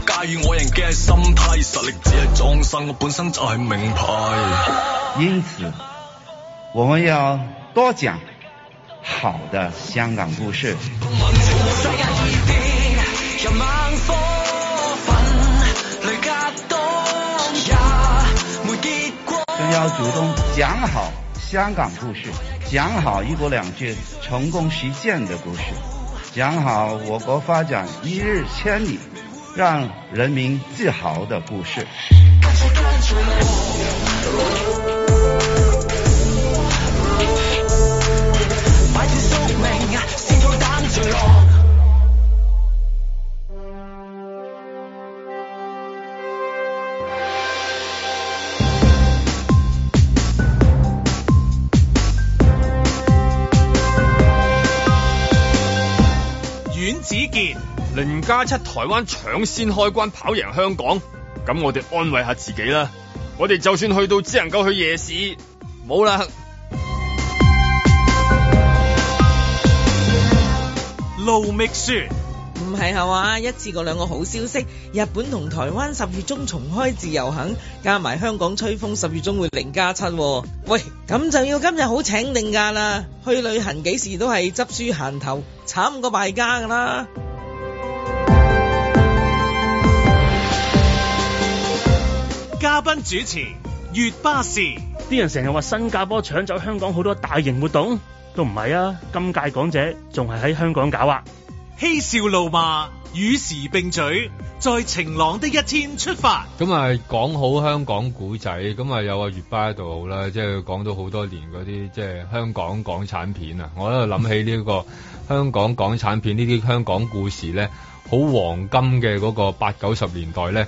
<noise> 因此，我們要多講好的香港故事。 <noise> 更要主動講好香港故事，講好一國兩制成功實踐的故事，講好我國發展一日千里，讓人民自豪的故事。零加七，台灣搶先開關跑贏香港，咁我哋安慰下自己啦。我哋就算去到，只能夠去夜市，冇啦。路覓書，唔係係嘛？一次過兩個好消息，日本同台灣十月中重開自由行，加埋香港吹風十月中會零加七喎。喂，咁就要今日好請定假啦，去旅行幾時都係執輸行頭，慘過敗家噶啦。嘉賓主持月巴氏，啲人成日話新加坡搶走香港好多大型活動，都唔係啊！今屆港姐仲係喺香港搞啊！嬉笑怒罵，與時並舉，在晴朗的一天出發。咁啊，講好香港古仔，咁啊有個月巴喺度好啦，即係講咗好多年嗰啲，即係香港港產片啊！我喺度諗起呢個香港港產片，呢啲香港故事咧，好黃金嘅嗰個八九十年代咧。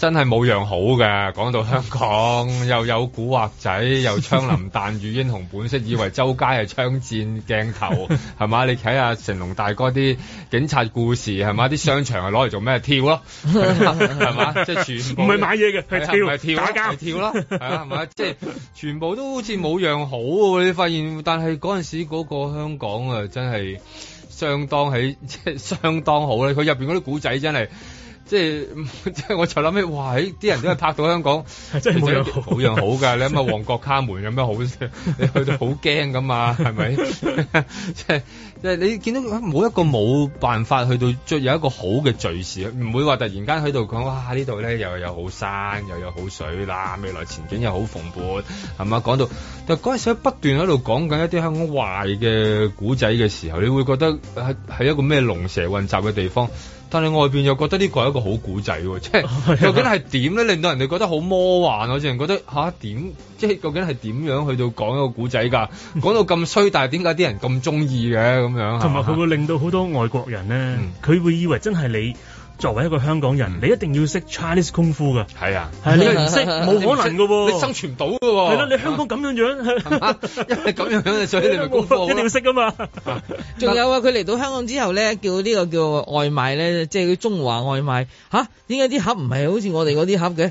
真係冇樣好㗎，講到香港又有古惑仔，又槍林彈雨英雄本色，以為周街係槍戰鏡頭，係嘛？ <laughs> 你睇下、啊、成龍大哥啲警察故事，係嘛？啲商場係攞嚟做咩？跳咯，係嘛？即係、 <laughs> 就是、全部唔係買嘢嘅，係跳吧，係跳吧，係跳咯，係啦打架，係嘛？即係全部都好似冇樣好嘅、啊，你發現？但係嗰陣時嗰個香港啊，真係相當喺，即係相當好咧，佢入邊嗰啲古仔真係。即係即係，我就諗起，哇！啲人都係拍到香港， <laughs> 即係冇樣好樣好㗎。 <laughs> 你諗下，旺角卡門有咩好事？ <laughs> 你去到好驚㗎嘛，係咪 <laughs> 吧？即係即係你見到冇一個冇辦法去到再有一個好嘅敘事，唔會話突然間喺度講哇！呢度咧又有好山又有好水啦，未來前景又好蓬勃，係咪啊？講到但嗰陣時不斷喺度講緊一啲香港壞嘅古仔嘅時候，你會覺得喺係一個咩龍蛇混雜嘅地方？但係外邊又覺得呢個係一個好古仔喎，即係 <laughs> 究竟係點咧令到人哋覺得好魔幻？我淨係覺得嚇點，即係究竟係點樣去到講一個古仔㗎？講到咁衰，但係點解啲人咁中意嘅咁樣？同埋佢會令到好多外國人咧，佢、嗯、會以為真係你。作為一個香港人，你一定要識 Chinese 功夫㗎，係啊，係你唔識，冇可能㗎喎，你生存唔到㗎喎，係啦，你香港咁樣樣，因為咁樣樣，所以你咪功夫一定要識㗎嘛。仲有啊，佢嚟到香港之後咧，叫呢個叫外賣咧，即係啲中華外賣，嚇點解啲盒唔係好似我哋嗰啲盒嘅？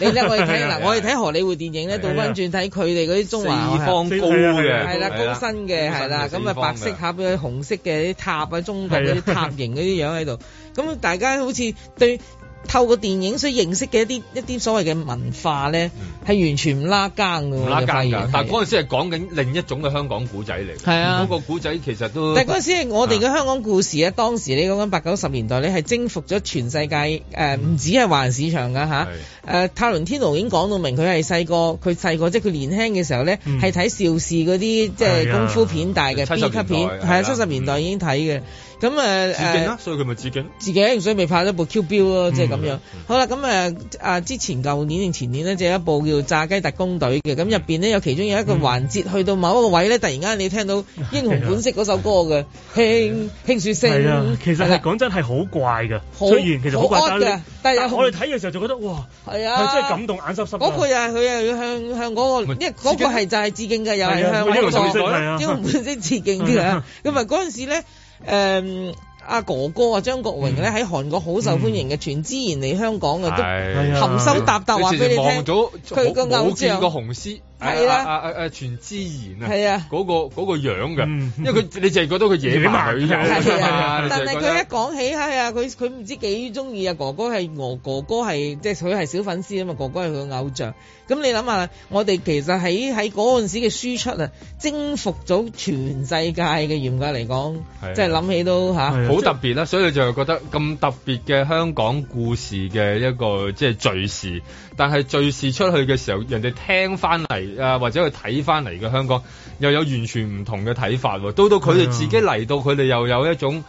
你睇我哋睇嗱，我哋睇荷里活電影咧，倒返轉睇佢哋嗰啲中華四方高嘅，係啦，高身嘅，係啦，咁啊白色盒，佢紅色嘅啲塔啊，中國嗰啲塔型嗰啲樣喺度。咁大家好似對透過電影所認識嘅一啲一啲所謂嘅文化咧，係完全唔拉更嘅喎，唔拉更㗎。但係嗰陣時係講緊另一種嘅香港古仔嚟，係啊，嗰個古仔其實都。但係嗰陣時，我哋嘅香港故事咧，當時你講緊八九十年代，你係征服咗全世界誒，唔止係華人市場㗎嚇。誒，泰倫天奴已經講到明，佢係細個，佢細個即係佢年輕嘅時候咧，係睇邵氏嗰啲即係功夫片大嘅 B 級片，係啊，七十年代已經睇嘅。咁誒，致敬，所以佢咪致敬。自己，所以未拍咗部 Q 表咯，即係咁樣。好啦，咁誒啊，之前舊年定前年咧，就一部叫《炸雞特工隊》嘅，咁入邊咧有其中有一個環節，去到某一個位咧，突然間你聽到《英雄本色》嗰首歌嘅，輕輕説聲，其實講真係好怪嘅，雖然其實好怪，但係我哋睇嘅時候就覺得哇，係啊，即係感動眼濕濕。嗰個又係佢又要向向嗰個，因為嗰個係就係致敬嘅，又係向英雄本色啦，英雄本色致敬嘅，同埋嗰陣時咧。誒，阿、uh, 哥哥啊，張國榮咧喺韓國好受歡迎嘅，嗯、全智賢嚟香港嘅都含羞答答話俾、哎、呀你聽。佢冇見過紅絲。係啦，阿阿阿全之賢啊，係啊，嗰個嗰、那個樣噶， <laughs> 因為佢你淨係覺得佢野蠻嘅，啊啊啊、但係佢一講起，係啊，佢佢唔知幾中意啊哥哥，係我哥哥，哥，係即係佢係小粉絲啊嘛，哥哥係佢偶像，咁你諗下，我哋其實喺喺嗰陣時嘅輸出啊，征服咗全世界嘅嚴格嚟講，即係諗起都吓，好特別啦，啊啊、所以你就覺得咁特別嘅香港故事嘅一個即係敘事。但係最時出去嘅時候，人哋聽翻嚟啊，或者去睇翻嚟嘅香港，又有完全唔同嘅睇法。到到佢哋自己嚟到，佢哋的又有一種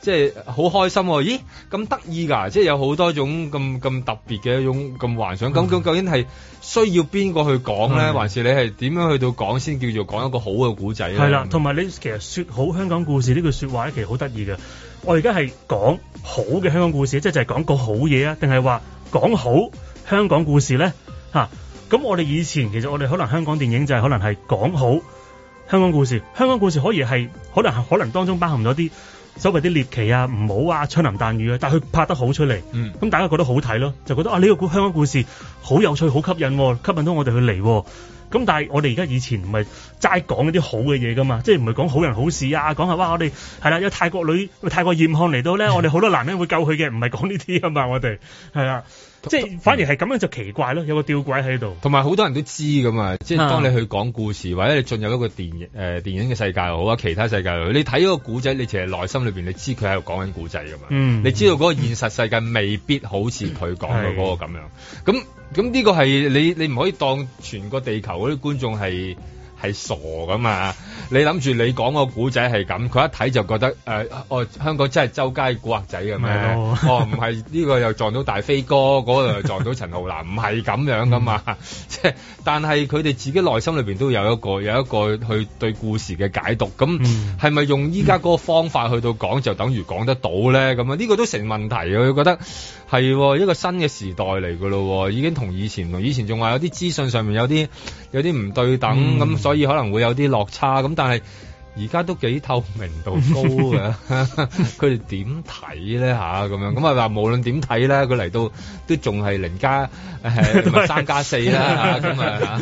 即係好開心。咦？咁得意㗎！即係有好多種咁咁特別嘅一種咁幻想。咁的究竟係需要邊個去講咧？是的還是你係點樣去到講先叫做講一個好嘅故仔咧？係啦，同埋你其實説好香港故事呢句説話咧，其實好得意嘅。我而家係講好嘅香港故事，即係就係講個好嘢啊，定係話講好？香港故事咧嚇，咁、啊、我哋以前其實我哋可能香港電影就係可能係講好香港故事，香港故事可以係可能可能當中包含咗啲所謂啲獵奇啊、唔好啊、槍林彈雨啊，但係佢拍得好出嚟，咁、嗯嗯、大家覺得好睇咯，就覺得啊呢、呢個古香港故事好有趣、好吸引、啊，吸引到我哋去嚟、啊。咁、嗯、但係我哋而家以前唔係齋講一啲好嘅嘢噶嘛，即係唔係講好人好事啊，講下哇我哋係啦有泰國女、泰國艷漢嚟到咧，我哋好多男人會救佢嘅，唔係講呢啲噶嘛，我哋係啊。即係反而係咁樣就奇怪咯，有個吊詭喺度。同埋好多人都知噶嘛，即係當你去講故事，嗯、或者你進入一個電誒、呃、電影嘅世界好啊，其他世界又好，你睇嗰個古仔，你其實內心裏邊你知佢喺度講緊古仔噶嘛。你知道嗰、嗯、個現實世界未必好似佢講嘅嗰個咁樣。咁咁呢個係你你唔可以當全個地球嗰啲觀眾係。係傻㗎嘛，你諗住你講個古仔係咁，佢一睇就覺得誒、呃，哦，香港真係周街古惑仔嘅咩？ <laughs> 哦，唔係呢個又撞到大飛哥，嗰、嗰個又撞到陳浩南，唔係咁樣噶嘛？即係、嗯， <laughs> 但係佢哋自己內心裏邊都有一個，有一個去對故事嘅解讀。咁係咪用依家嗰個方法去到講，就等於講得到咧？咁啊，呢、呢個都成問題啊！佢覺得。係、嗯、 <noise> 一個新嘅時代嚟噶咯，已經同以前，同以前仲話有啲資訊上面有啲有啲唔對等，咁、嗯、所以可能會有啲落差。咁但係而家都幾透明度高嘅，佢哋點睇咧吓咁樣？咁啊話無論點睇咧，佢嚟到都仲係零加三加四啦吓咁啊，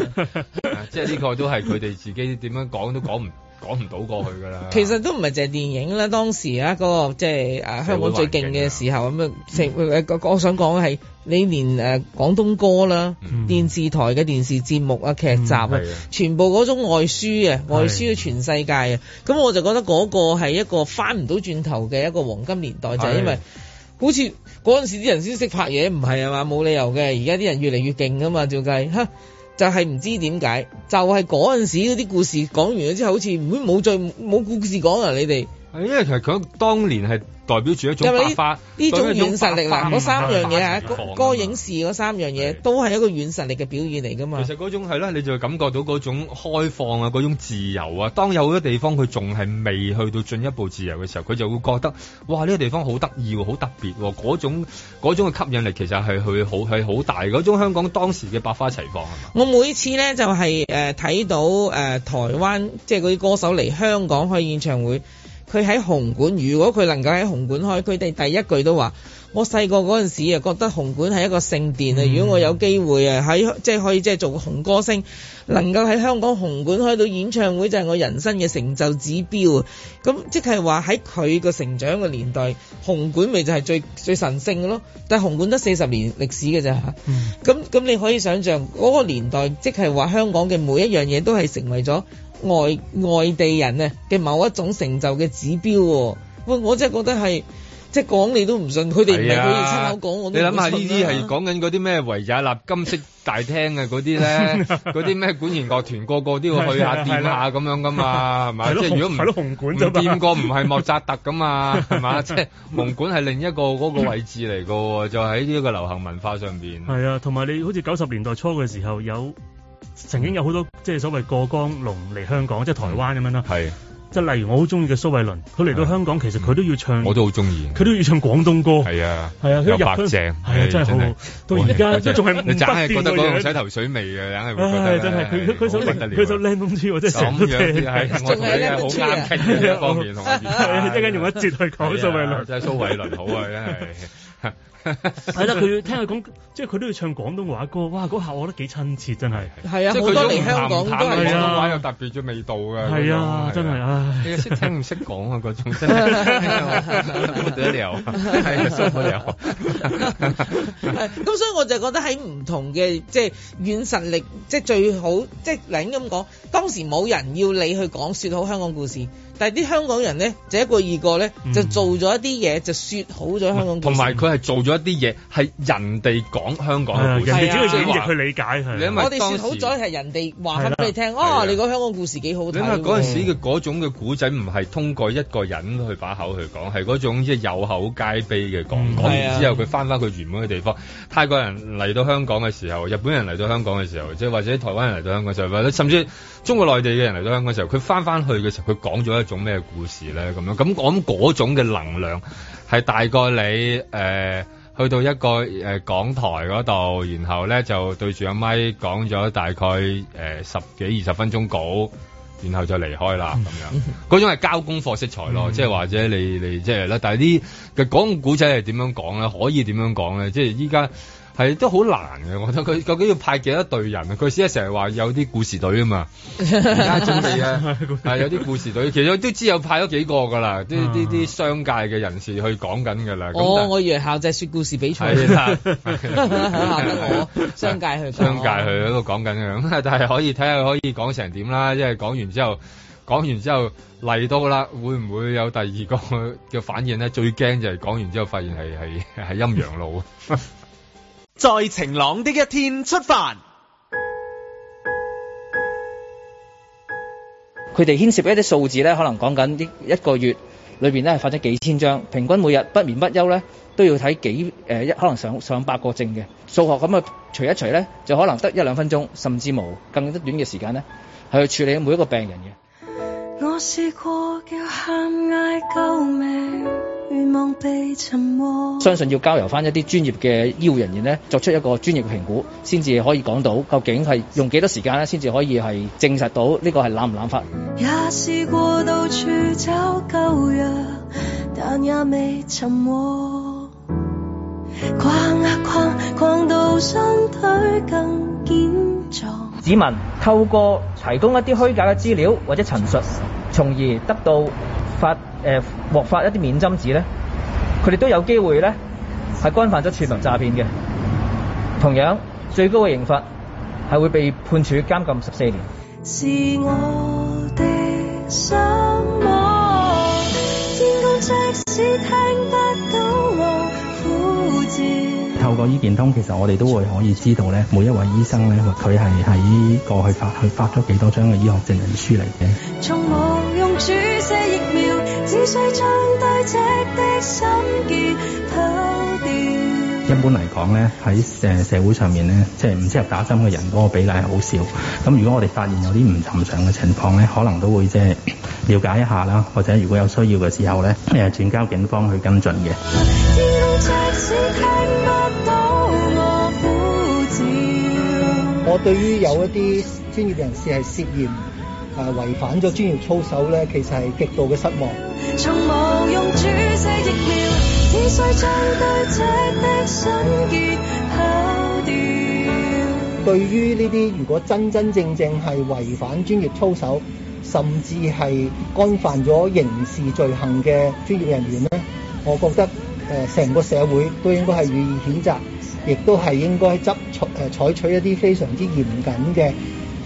即係呢個都係佢哋自己點樣講都講唔。講唔到過去㗎啦， <laughs> 其實都唔係淨係電影啦。當時啊，嗰、那個即係誒、啊、香港最勁嘅時候咁啊。誒誒、嗯嗯，我想講嘅係你連誒、啊、廣東歌啦、嗯、電視台嘅電視節目啊、劇集啊，嗯、全部嗰種外輸嘅、啊、外輸到全世界啊。咁的我就覺得嗰個係一個翻唔到轉頭嘅一個黃金年代，的就係因為好似嗰陣時啲人先識拍嘢，唔係啊嘛，冇理由嘅。而家啲人越嚟越勁㗎嘛，照計嚇。就係唔知點解，就係嗰陣時嗰啲故事講完咗之後，好似唔會冇再冇故事講啊！你哋。因為其實佢當年係代表住一種百花呢種軟實力嗱，嗰、嗯、三樣嘢啊，歌影視嗰三樣嘢都係一個軟實力嘅表現嚟㗎嘛。其實嗰種係啦，你就感覺到嗰種開放啊，嗰種自由啊。當有好多地方佢仲係未去到進一步自由嘅時候，佢就會覺得哇呢、呢個地方好得意喎，好特別喎，啊。嗰種嘅吸引力其實係佢好係好大，嗰種香港當時嘅百花齊放係我每次咧就係誒睇到誒，呃、台灣即係嗰啲歌手嚟香港開演唱會。佢喺紅館，如果佢能夠喺紅館開，佢哋第一句都話，我細個嗰陣時啊，覺得紅館係一個聖殿啊。嗯、如果我有機會啊，喺即係可以即係做個紅歌星，嗯、能夠喺香港紅館開到演唱會，就係我人生嘅成就指標啊。咁即係話喺佢個成長嘅年代，紅館咪就係最最神聖嘅咯。但係紅館得四十年歷史嘅咋。吓、嗯，咁咁你可以想象嗰、那個年代，即係話香港嘅每一樣嘢都係成為咗。外外地人咧嘅某一種成就嘅指標喎，喂，我真係覺得係，即係講你都唔信，佢哋唔係佢哋親口講。你諗下呢啲係講緊嗰啲咩維也納金色大廳呀嗰啲咧，嗰啲咩管弦樂團個個都要去下、掂下咁樣噶嘛，係咪？即係如果唔唔掂過唔係莫扎特噶嘛，係嘛？即係紅館係另一個嗰個位置嚟噶，就喺呢個流行文化上邊。係啊，同埋你好似九十年代初嘅時候有。曾經有好多即係所謂過江龍嚟香港，即係台灣咁樣啦。係即係例如我好中意嘅蘇慧倫，佢嚟到香港其實佢都要唱，我都好中意，佢都要唱廣東歌。係啊，係啊，佢入白淨真係好，到而家都仲係。你真係覺得嗰個洗頭水味嘅，梗係會真係佢佢首佢首靚公吹，即真係成日。講嘢係中女好啱傾嘅一方面，同我一間用一節去講蘇慧倫，真係蘇慧倫好啊！真係。係啦，佢聽佢講，即係佢都要唱廣東話歌，哇！嗰下我覺得幾親切，真係。係啊，佢多嚟香港都係廣東話，有特別嘅味道噶。係啊，真係啊，識聽唔識講啊，嗰種真係。乜都有，係啊，所有。咁所以我就覺得喺唔同嘅，即係軟實力，即係最好，即係寧咁講，當時冇人要你去講說好香港故事。但係啲香港人咧，就一個二個咧、嗯，就做咗一啲嘢，就説好咗香港。同埋佢係做咗一啲嘢，係人哋講香港嘅故事，只係去理解係。我哋説好咗係人哋話翻俾你聽，哦，你講香港故事幾好睇。因嗰陣時嘅嗰種嘅古仔唔係通過一個人去把口去講，係嗰種即係有口皆碑嘅講。講完、啊、之後佢翻翻佢原本嘅地方。泰國人嚟到香港嘅時候，日本人嚟到香港嘅時候，即係或者台灣人嚟到香港時候，或者甚至。中國內地嘅人嚟到香港時候，佢翻翻去嘅時候，佢講咗一種咩故事咧？咁樣咁講嗰種嘅能量係大過你誒、呃、去到一個誒、呃、港台嗰度，然後咧就對住阿咪講咗大概誒、呃、十幾二十分鐘稿，然後就離開啦咁樣。嗰 <laughs> 種係交功課色彩咯， <laughs> 即係或者你你即係啦。但係啲嘅講古仔係點樣講咧？可以點樣講咧？即係依家。係都好難嘅，我覺得佢究竟要派幾多隊人隊啊？佢先係成日話有啲故事隊啊嘛，而家仲未啊？係有啲故事隊，其實我都知有派咗幾個噶啦，啲啲啲商界嘅人士去講緊噶啦。哦 <laughs> ，oh, 我而家校就係說故事比賽， <laughs> <laughs> <laughs> 商界去講 <laughs> 商界去都講緊嘅，但係可以睇下可以講成點啦。即係講完之後，講完之後嚟到啦，會唔會有第二個嘅反應咧？最驚就係講完之後發現係係係陰陽路。 <laughs> 在晴朗的一天出發，佢哋牽涉一啲數字咧，可能講緊啲一個月裏邊咧發咗幾千張，平均每日不眠不休咧都要睇幾誒一、呃、可能上上百個症嘅數學咁啊，除一除咧就可能得一兩分鐘，甚至冇更短嘅時間咧去處理每一個病人嘅。我試過叫喊嗌救命。願望被沉默。相信要交由翻一啲專業嘅醫護人員咧，作出一個專業嘅評估，先至可以講到，究竟係用幾多時間咧，先至可以係證實到呢個係濫唔濫發。也試過到處找救藥，但也未尋獲。逛啊逛，逛到雙腿更健壯指文。市民透過提供一啲虛假嘅資料或者陳述，從而得到法。誒獲發一啲免針紙咧，佢哋都有機會咧，係干犯咗串謀詐騙嘅。同樣最高嘅刑罰係會被判處監禁十四年。是我的，是我透過醫健通，其實我哋都會可以知道咧，每一位醫生咧，佢係喺過去發去發咗幾多張嘅醫學證明書嚟嘅。一般嚟講咧，喺誒社會上面咧，即係唔適合打針嘅人嗰個比例係好少。咁如果我哋發現有啲唔尋常嘅情況咧，可能都會即係了解一下啦，或者如果有需要嘅時候咧，誒轉交警方去跟進嘅。我對於有一啲專業人士係涉嫌。誒、啊、違反咗專業操守咧，其實係極度嘅失望。對於呢啲如果真真正正係違反專業操守，甚至係干犯咗刑事罪行嘅專業人員咧，我覺得誒成個社會都應該係予以譴責，亦都係應該執誒採取一啲非常之嚴謹嘅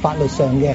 法律上嘅。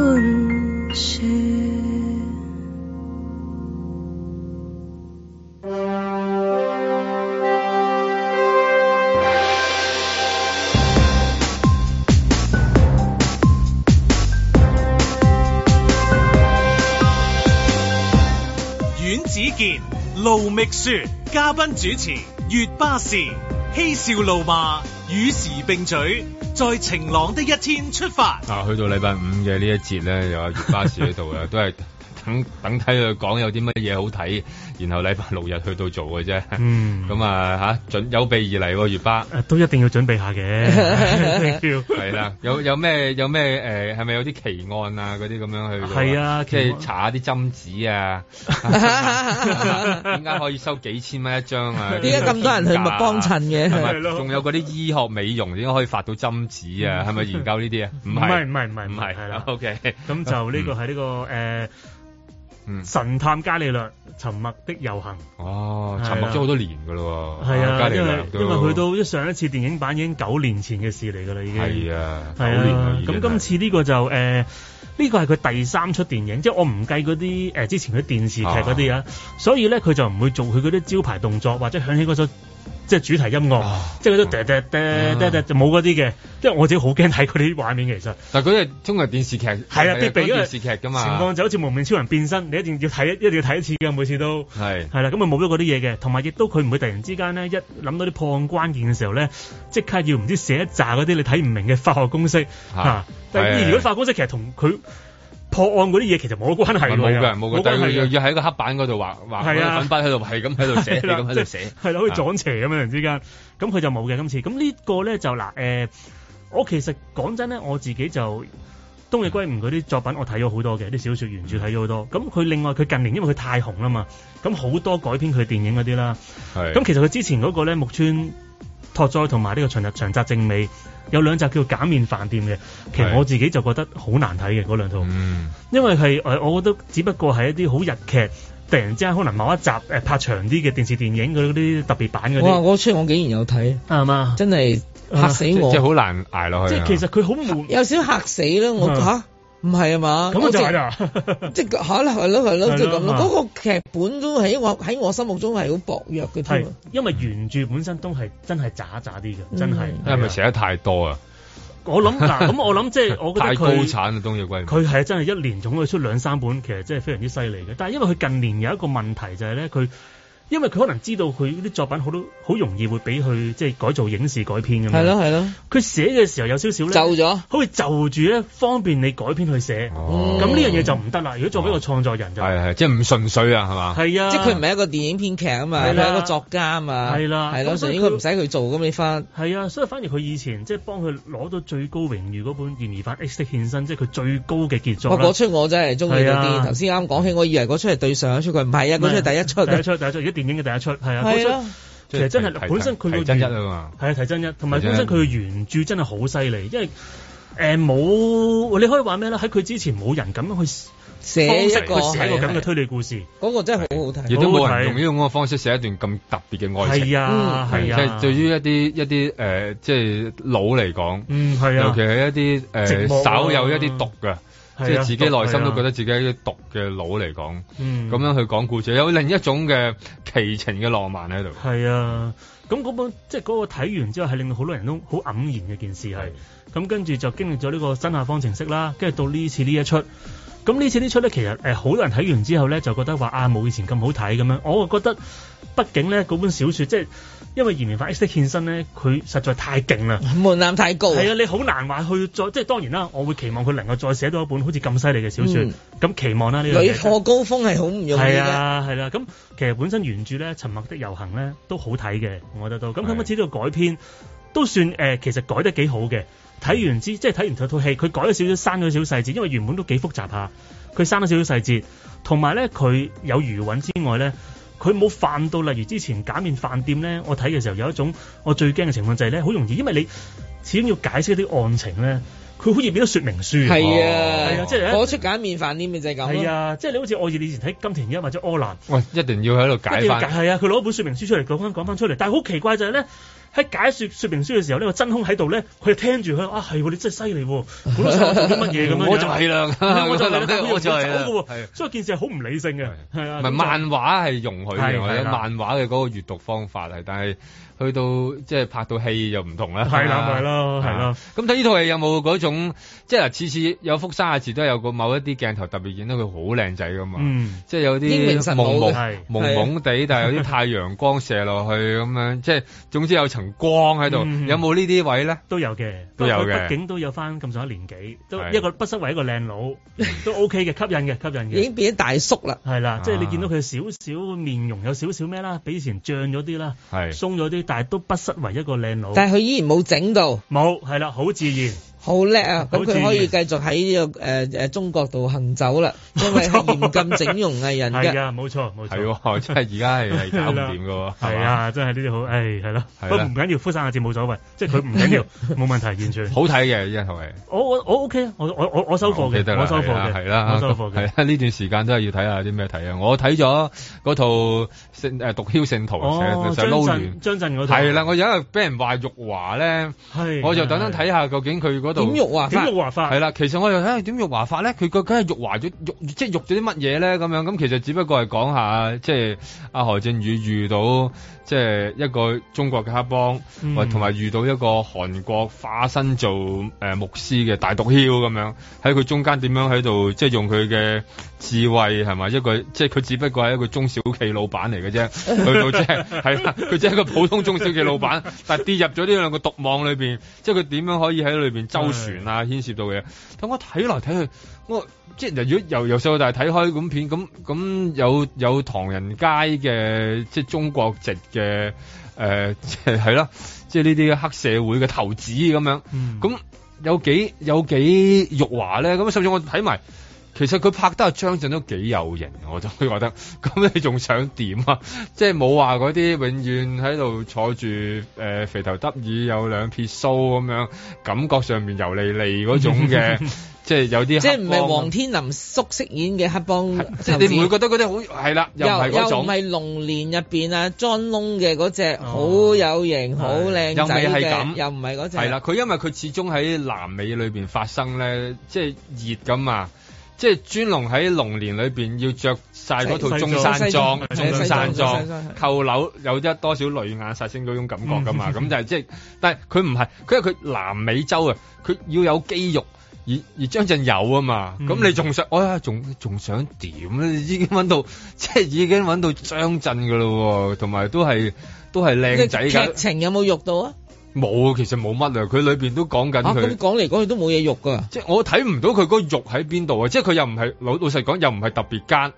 盧覓雪，嘉賓主持，月巴士嬉笑怒罵，與時並舉，在晴朗的一天出發。嗱、啊，去到禮拜五嘅呢一節咧，有月巴士喺度啊， <laughs> 都係。等等睇佢講有啲乜嘢好睇，然後禮拜六日去到做嘅啫。嗯，咁啊吓，準有備而嚟，月巴。都一定要準備下嘅。係啦，有有咩有咩誒？係咪有啲奇案啊？嗰啲咁樣去。係啊，即係查下啲針紙啊。點解可以收幾千蚊一張啊？點解咁多人去幫襯嘅？係。仲有嗰啲醫學美容點解可以發到針紙啊？係咪研究呢啲啊？唔係唔係唔係唔係係。OK。咁就呢個係呢個誒。神探伽利略，沉默的遊行。哦，啊、沉默咗好多年噶啦，係啊，因為因為佢都一上一次電影版已經九年前嘅事嚟噶啦，已經係啊，係咁今次呢個就誒，呢，呃呢個係佢第三出電影，即係我唔計嗰啲誒之前嘅電視劇嗰啲啊。所以咧佢就唔會做佢嗰啲招牌動作或者響起嗰首。即係主題音樂，即係嗰啲喋喋喋喋喋就冇嗰啲嘅。即係我自己好驚睇嗰啲畫面其實。但係嗰啲中國電視劇係啦，必備電視劇㗎嘛，情況就好似無名超人變身，你一定要睇，一定要睇一次㗎，每次都係係啦，咁啊冇咗嗰啲嘢嘅，同埋亦都佢唔會突然之間呢，一諗到啲破案關鍵嘅時候呢，即刻要唔知寫一紮嗰啲你睇唔明嘅化學公式嚇。但係如果化學公式其實同佢。破案嗰啲嘢其實冇關係冇㗎，冇但係要要喺個黑板嗰度畫，係啊，粉筆喺度，係咁喺度寫，係咁喺度寫，係好似撞邪咁樣然之間，咁佢就冇嘅今次。咁呢個咧就嗱，誒，我其實講真咧，我自己就東野圭吾嗰啲作品我睇咗好多嘅，啲小説原著睇咗好多。咁佢另外佢近年因為佢太紅啦嘛，咁好多改編佢電影嗰啲啦。咁其實佢之前嗰個咧木村拓哉同埋呢個長日長澤正美。有兩集叫假面飯店嘅，其實我自己就覺得好難睇嘅嗰兩套，嗯、因為係誒，我覺得只不過係一啲好日劇，突然之間可能某一集誒、呃、拍長啲嘅電視電影嗰啲特別版嗰啲。哇我出我竟然有睇，係嘛、啊？真係嚇死我！啊啊、即係好難捱落去。即係其實佢好悶，有少嚇死啦！我嚇。啊啊唔係啊嘛，咁就係啦，即係嚇啦，係咯，係咯，即係咁咯。嗰個劇本都喺我喺我心目中係好薄弱嘅啫。因為原著本身都係真係渣渣啲嘅，真係。係咪寫得太多啊想？ <laughs> 我諗，咁我諗即係我覺得佢 <laughs> 高產啊，東野圭吾。佢係真係一年總可以出兩三本，其實真係非常之犀利嘅。但係因為佢近年有一個問題就係咧，佢。因為佢可能知道佢啲作品好多好容易會俾佢即係改做影視改編㗎嘛。係咯，係咯。佢寫嘅時候有少少咧，就咗，可以就住咧方便你改編去寫。咁呢樣嘢就唔得啦。如果再俾個創作人就係即係唔純粹啊，係嘛？係啊，即係佢唔係一個電影編劇啊嘛，佢係一個作家啊嘛。係啦，係啦，所以佢唔使佢做咁你翻。係啊，所以反而佢以前即係幫佢攞到最高榮譽嗰本《嫌疑犯 X 的獻身》，即係佢最高嘅傑作。哇！嗰出我真係中意啲。頭先啱講起，我以為嗰出係對上一出佢，唔係啊，嗰出係第一出。第一出，第一出，電影嘅第一出係啊，其實真係本身佢要提真一啊嘛，係啊，提真一同埋本身佢嘅原著真係好犀利，因為誒冇你可以話咩咧？喺佢之前冇人咁樣去寫一個寫一個咁嘅推理故事，嗰個真係好好睇。亦都冇人用呢個方式寫一段咁特別嘅愛情。啊，係啊。即係對於一啲一啲誒，即係老嚟講，係啊，尤其係一啲誒稍有一啲毒㗎。即係、啊、自己內心都覺得自己啲毒嘅腦嚟講，咁、啊、樣去講故仔，有另一種嘅奇情嘅浪漫喺度。係啊，咁嗰本即係嗰個睇完之後係令到好多人都好黯然嘅件事係。咁、啊、跟住就經歷咗呢個《真夏方程式》啦，跟住到呢次呢一出，咁呢次呢出咧其實誒好、呃、多人睇完之後咧就覺得話啊冇以前咁好睇咁樣。我就覺得畢竟咧嗰本小説即係。因為嫌疑犯 X 的獻身咧，佢實在太勁啦，門檻太高。係啊，你好難話去再即係當然啦，我會期望佢能夠再寫到一本好似咁犀利嘅小說。咁、嗯、期望啦，呢個女破高峰係好唔容易嘅。係啊，係啦、啊。咁、嗯、其實本身原著咧，《沉默的遊行呢》咧都好睇嘅，我覺得都咁。咁我知道改編都算誒、呃，其實改得幾好嘅。睇完之即係睇完套套戲，佢改咗少少，刪咗少少細節，因為原本都幾複雜下，佢刪咗少少細節，同埋咧佢有餘韻之外咧。佢冇犯到，例如之前假面飯店咧，我睇嘅時候有一種我最驚嘅情況就係咧，好容易，因為你始終要解釋啲案情咧，佢好似變咗說明書。係、哦、啊，啊，啊，即係攞出假面飯店嘅就係咁咯。係啊，即係你好似我以前睇金田一或者柯南，喂、哦，一定要喺度解翻。係啊，佢攞一本說明書出嚟講翻講翻出嚟，但係好奇怪就係咧。喺解説說，說明書嘅時候呢個真空喺度咧，佢哋聽住佢啊，係你真係犀利，估到佢做啲乜嘢咁樣，我就係啦，我就係，我就係，所以件事係好唔理性嘅，係啊的，唔係漫畫係容許嘅，或者漫畫嘅嗰個閱讀方法係，但係。去到即係拍到戲又唔同啦，係啦，係啦，係啦。咁睇呢套戲有冇嗰種即係嗱，次次有復生嘅時都有個某一啲鏡頭特別影到佢好靚仔㗎嘛，即係有啲朦朦哋，但係有啲太陽光射落去咁樣，即係總之有層光喺度。有冇呢啲位咧？都有嘅，都有嘅。畢竟都有返咁上下年紀，都一個不失為一個靚佬，都 OK 嘅，吸引嘅，吸引嘅。已經變咗大叔啦，係啦，即係你見到佢少少面容有少少咩啦，比以前漲咗啲啦，鬆咗啲。但係都不失為一個靚女，但係佢依然冇整到，冇係啦，好自然。好叻啊！咁佢可以繼續喺呢個誒誒中國度行走啦，因為係嚴禁整容藝人嘅。冇錯冇錯，係真係而家係搞唔掂嘅喎，係啊，真係呢啲好，唉，係咯，不過唔緊要，福山雅治冇所謂，即係佢唔緊要，冇問題，完全好睇嘅呢一套嚟。我我我 OK 我我我收貨嘅，我收貨嘅，係啦，收貨嘅，係啦，呢段時間真係要睇下啲咩睇啊？我睇咗嗰套聖誒《毒梟聖徒》，想撈完張震嗰套係啦。我因為俾人話玉華咧，我就等等睇下究竟佢點辱華？點辱華法係啦，其實我又睇，啊、點辱華法咧，佢究竟係辱華咗辱，即係辱咗啲乜嘢咧咁樣，咁其實只不過係講下，即係阿何振宇遇到。即係一個中國嘅黑幫，或同埋遇到一個韓國化身做誒、呃、牧師嘅大毒梟咁樣，喺佢中間點樣喺度，即係用佢嘅智慧係咪？一個即係佢只不過係一個中小企老闆嚟嘅啫， <laughs> 去到即係係佢只係一個普通中小企老闆， <laughs> 但係跌入咗呢兩個毒網裏邊，即係佢點樣可以喺裏邊周旋啊？牽涉到嘅嘢，等我睇嚟睇去。我、哦、即係，如果由由細到大睇開咁片，咁咁有有唐人街嘅，即係中國籍嘅，誒、呃、係啦，即係呢啲黑社會嘅頭子咁樣。咁、嗯嗯、有幾有幾辱華咧？咁、嗯、甚至我睇埋，其實佢拍得又張震都幾有型。我就會覺得，咁你仲想點啊？即係冇話嗰啲永遠喺度坐住，誒、呃、肥頭耷耳有兩撇須咁樣，感覺上面油膩膩嗰種嘅。嗯 <laughs> 即係有啲，即係唔係黃天林叔飾演嘅黑幫，即係你唔會覺得嗰啲好係啦，又又唔係龍年入邊啊，尊龍嘅嗰隻好有型，好靚仔嘅，又唔係嗰隻。係啦，佢因為佢始終喺南美裏邊發生咧，即係熱噶嘛，即係尊龍喺龍年裏邊要着晒嗰套中山裝，中山裝扣樓有得多少淚眼殺星嗰種感覺噶嘛，咁就係即係，但係佢唔係，佢係佢南美洲啊，佢要有肌肉。而而張震有啊嘛，咁、嗯、你仲想，哎呀，仲仲想點咧？已經揾到，即係已經揾到張震噶咯，同埋都係都係靚仔噶。劇情有冇喐到啊？冇，啊，其實冇乜啊。佢裏邊都講緊佢，嚇咁講嚟講去都冇嘢肉噶。即係我睇唔到佢個肉喺邊度啊！即係佢又唔係老老實講，又唔係特別奸。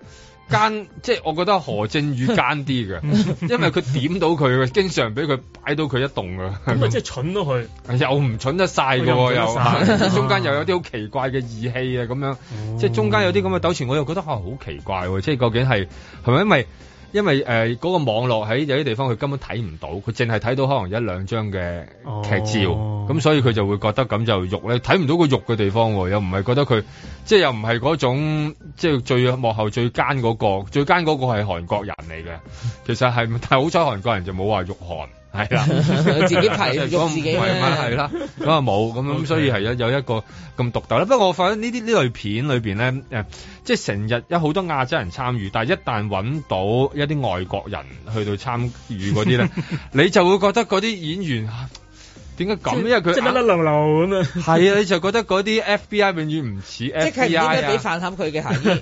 奸，即係我覺得何正宇奸啲嘅， <laughs> 因為佢點到佢，嘅，經常俾佢擺到佢一棟嘅。咁咪 <laughs> 即係蠢到、啊、佢又唔蠢得晒嘅喎，又，又 <laughs> 中間又有啲好奇怪嘅義氣啊咁樣、哦、即係中間有啲咁嘅糾纏，我又覺得啊，好奇怪喎，即係究竟係係咪因為。因為誒嗰、呃嗰個網絡喺有啲地方佢根本睇唔到，佢淨係睇到可能一兩張嘅劇照，咁、oh。所以佢就會覺得咁就肉。咧睇唔到個肉嘅地方喎，又唔係覺得佢即係又唔係嗰種即係最幕後最，最奸嗰、嗰個，最奸嗰個係韓國人嚟嘅，其實係但係好彩韓國人就冇話辱韓。係啦， <laughs> 自己排咗 <laughs> 自己咧，係啦 <laughs> ，咁啊冇，咁咁，所以係有有一個咁獨特啦。不過我發現呢啲呢類片裏邊咧，誒、嗯，即係成日有好多亞洲人參與，但係一旦揾到一啲外國人去到參與嗰啲咧， <laughs> 你就會覺得嗰啲演員、啊點解咁？因為佢即係甩甩流流咁啊！係啊，你就覺得嗰啲 FBI 永遠唔似 FBI 啊！即係點解俾犯冚佢嘅鞋？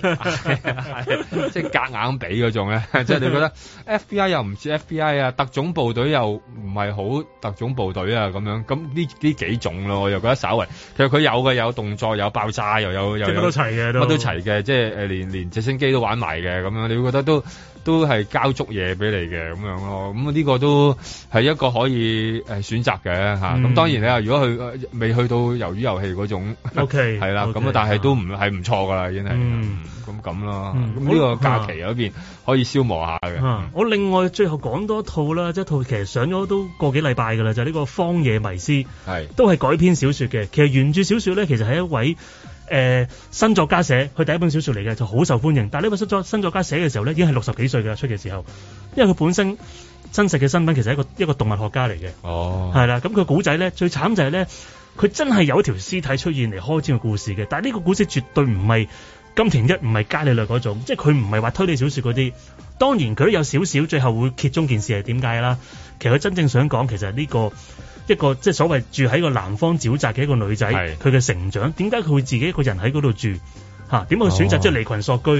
即係隔硬比嗰種咧，即係你覺得 FBI 又唔似 FBI 啊？特種部隊又唔係好特種部隊啊？咁樣咁呢呢幾種咯，我又覺得稍微其實佢有嘅，有動作，有爆炸，又有有乜都齊嘅，乜都齊嘅，即係誒連連直升機都玩埋嘅咁樣，你會覺得都都係交足嘢俾你嘅咁樣咯。咁呢個都係一個可以誒選擇嘅。咁、嗯、當然你話如果去未去到魷魚遊戲嗰種，OK，係啦，咁啊，但係都唔係唔錯噶啦，已經係，咁咁咯，呢個假期嗰邊可以消磨下嘅。我另外最後講多一套啦，即套其實上咗都個幾禮拜噶啦，就呢、是這個荒野迷思，係是都係改編小説嘅。其實原著小説咧，其實係一位誒、呃、新作家寫佢第一本小説嚟嘅，就好受歡迎。但係呢本新作新作家寫嘅時候咧，已經係六十幾歲嘅出嘅時候，因為佢本身。真實嘅身份其實係一個一個動物學家嚟嘅，係啦、oh.，咁佢古仔咧，最慘就係咧，佢真係有一條屍體出現嚟開篇嘅故事嘅，但係呢個故事絕對唔係金田一，唔係伽利略嗰種，即係佢唔係話推理小説嗰啲。當然佢都有少少最後會揭中件事係點解啦。其實佢真正想講其實呢、這個一個即係所謂住喺個南方沼澤嘅一個女仔，佢嘅的成長點解佢會自己一個人喺嗰度住吓？點、啊、去選擇即係離群索居？Oh.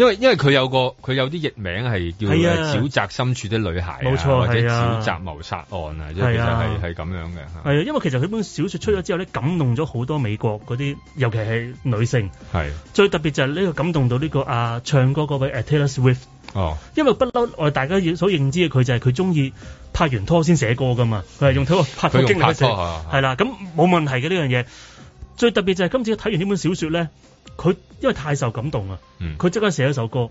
因為因為佢有個佢有啲譯名係叫沼澤深處的女孩，冇錯或者沼澤謀殺案啊，即其實係係咁樣嘅吓。係啊，因為其實佢本小說出咗之後咧，感動咗好多美國嗰啲，尤其係女性。係最特別就係呢個感動到呢個啊，唱歌嗰位 Taylor Swift。哦，因為不嬲我哋大家所認知嘅佢就係佢中意拍完拖先寫歌噶嘛，佢係用拖拍拖經歷嚟寫。係啦，咁冇問題嘅呢樣嘢。最特別就係今次睇完呢本小說咧。佢因為太受感動啊，佢即刻寫一首歌，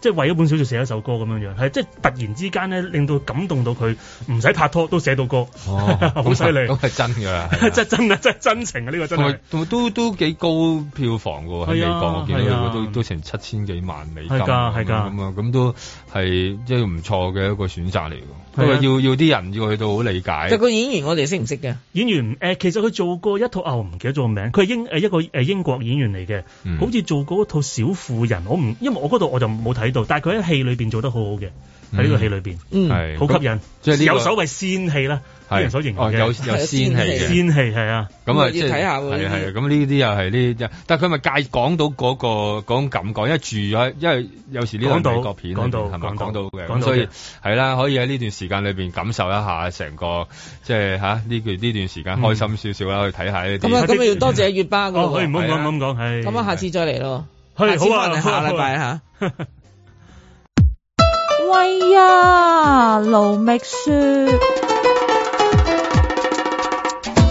即係為一本小說寫一首歌咁樣樣，係即係突然之間咧令到感動到佢唔使拍拖都寫到歌，哦，好犀利，咁係 <laughs> 害真噶，即係真啊，即係真情啊，呢、這個真係都都，都幾高票房噶喎，喺的美國我見到佢都的都，都成七千幾萬美金，係噶係噶咁啊，咁都係即係唔錯嘅一個選擇嚟。佢話的要要啲人要去到好理解。其實個演員我哋識唔識嘅？演員。誒、呃，其實佢做過一套，哦、我唔記得咗個名。佢係英誒、呃、一個誒英國演員嚟嘅，嗯、好似做過一套小婦人。我唔，因為我嗰度我就冇睇到，但係佢喺戲裏邊做得好好嘅。喺呢個戲裏邊，嗯，係好吸引，即係有所謂仙氣啦，係人所形容嘅，有有仙氣嘅，仙氣係啊，咁啊，要睇下喎，係係，咁呢啲又係呢，但係佢咪介講到嗰個嗰種感覺，因為住咗，因為有時呢個美國片講到係咪講到嘅，咁所以係啦，可以喺呢段時間裏邊感受一下成個即係吓，呢段呢段時間開心少少啦，去睇下呢啲。咁啊，咁要多謝月巴喎，唔好唔好講，咁啊，下次再嚟咯，下次可能下禮拜嚇。喂呀，盧覓雪。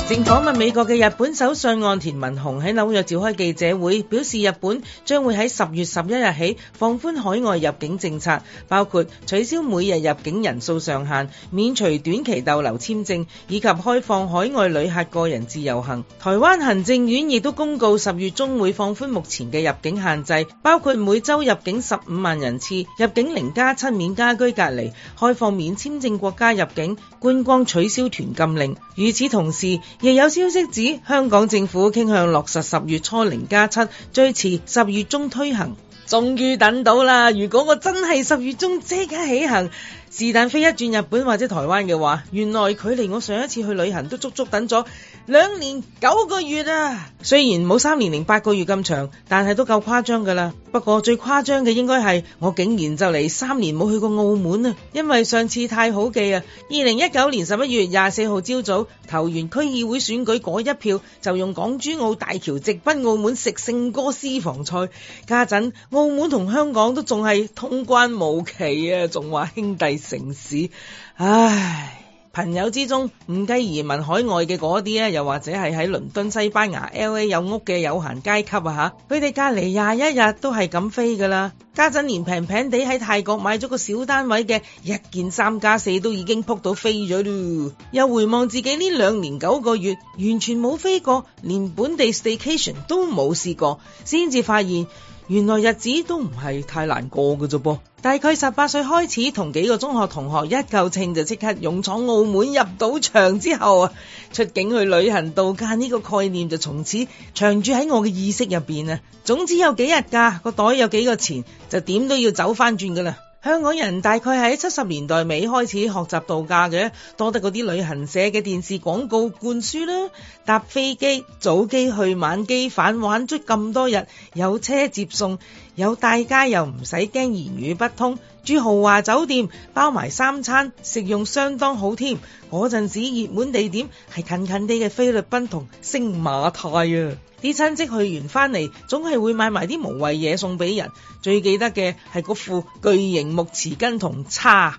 正訪問美國嘅日本首相岸田文雄喺紐約召開記者會，表示日本將會喺十月十一日起放寬海外入境政策，包括取消每日入境人數上限、免除短期逗留簽證以及開放海外旅客個人自由行。台灣行政院亦都公告十月中會放寬目前嘅入境限制，包括每周入境十五萬人次、入境零加七免家居隔離、開放免簽證國家入境、觀光取消團禁令。與此同時，亦有消息指，香港政府傾向落實十月初零加七，7, 最遲十月中推行。終於等到啦！如果我真係十月中即刻起行。是但飛一轉日本或者台灣嘅話，原來距離我上一次去旅行都足足等咗兩年九個月啊！雖然冇三年零八個月咁長，但係都夠誇張噶啦。不過最誇張嘅應該係我竟然就嚟三年冇去過澳門啊！因為上次太好記啊！二零一九年十一月廿四號朝早，投完區議會選舉嗰一票，就用港珠澳大橋直奔澳門食勝哥私房菜。家陣澳門同香港都仲係通關無期啊，仲話兄弟城市，唉！朋友之中，唔計移民海外嘅嗰啲咧，又或者係喺倫敦、西班牙、LA 有屋嘅有閒階級啊嚇，佢哋隔離廿一日都係咁飛噶啦。家陣連平平地喺泰國買咗個小單位嘅，一件三加四都已經撲到飛咗啦。又回望自己呢兩年九個月，完全冇飛過，連本地 staycation 都冇試過，先至發現。原來日子都唔係太難過嘅啫噃，大概十八歲開始同幾個中學同學一嚿稱就即刻勇闖澳門入賭場之後，出境去旅行度假呢個概念就從此長住喺我嘅意識入邊啊！總之有幾日假，個袋有幾個錢，就點都要走翻轉噶啦。香港人大概喺七十年代尾開始學習度假嘅，多得嗰啲旅行社嘅電視廣告灌輸啦。搭飛機早機去晚機返，玩足咁多日，有車接送，有帶街又唔使驚言語不通。住豪華酒店，包埋三餐，食用相當好添。嗰陣時熱門地點係近近哋嘅菲律賓同星馬泰啊。啲親戚去完翻嚟，總係會買埋啲無謂嘢送俾人。最記得嘅係個副巨型木匙羹同叉。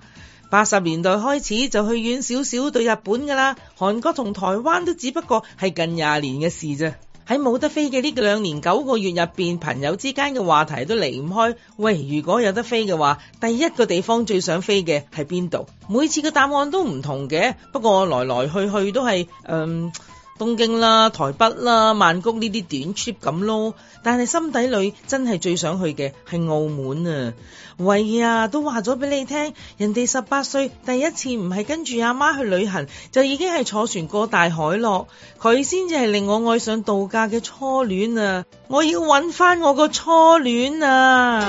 八十年代開始就去遠少少對日本㗎啦，韓國同台灣都只不過係近廿年嘅事啫。喺冇得飛嘅呢兩年九個月入邊，朋友之間嘅話題都離唔開。喂，如果有得飛嘅話，第一個地方最想飛嘅係邊度？每次嘅答案都唔同嘅，不過來來去去都係，嗯。東京啦、台北啦、曼谷呢啲短 trip 咁咯，但係心底裏真係最想去嘅係澳門啊！喂呀，都話咗俾你聽，人哋十八歲第一次唔係跟住阿媽去旅行，就已經係坐船過大海咯，佢先至係令我愛上度假嘅初戀啊！我要揾翻我個初戀啊！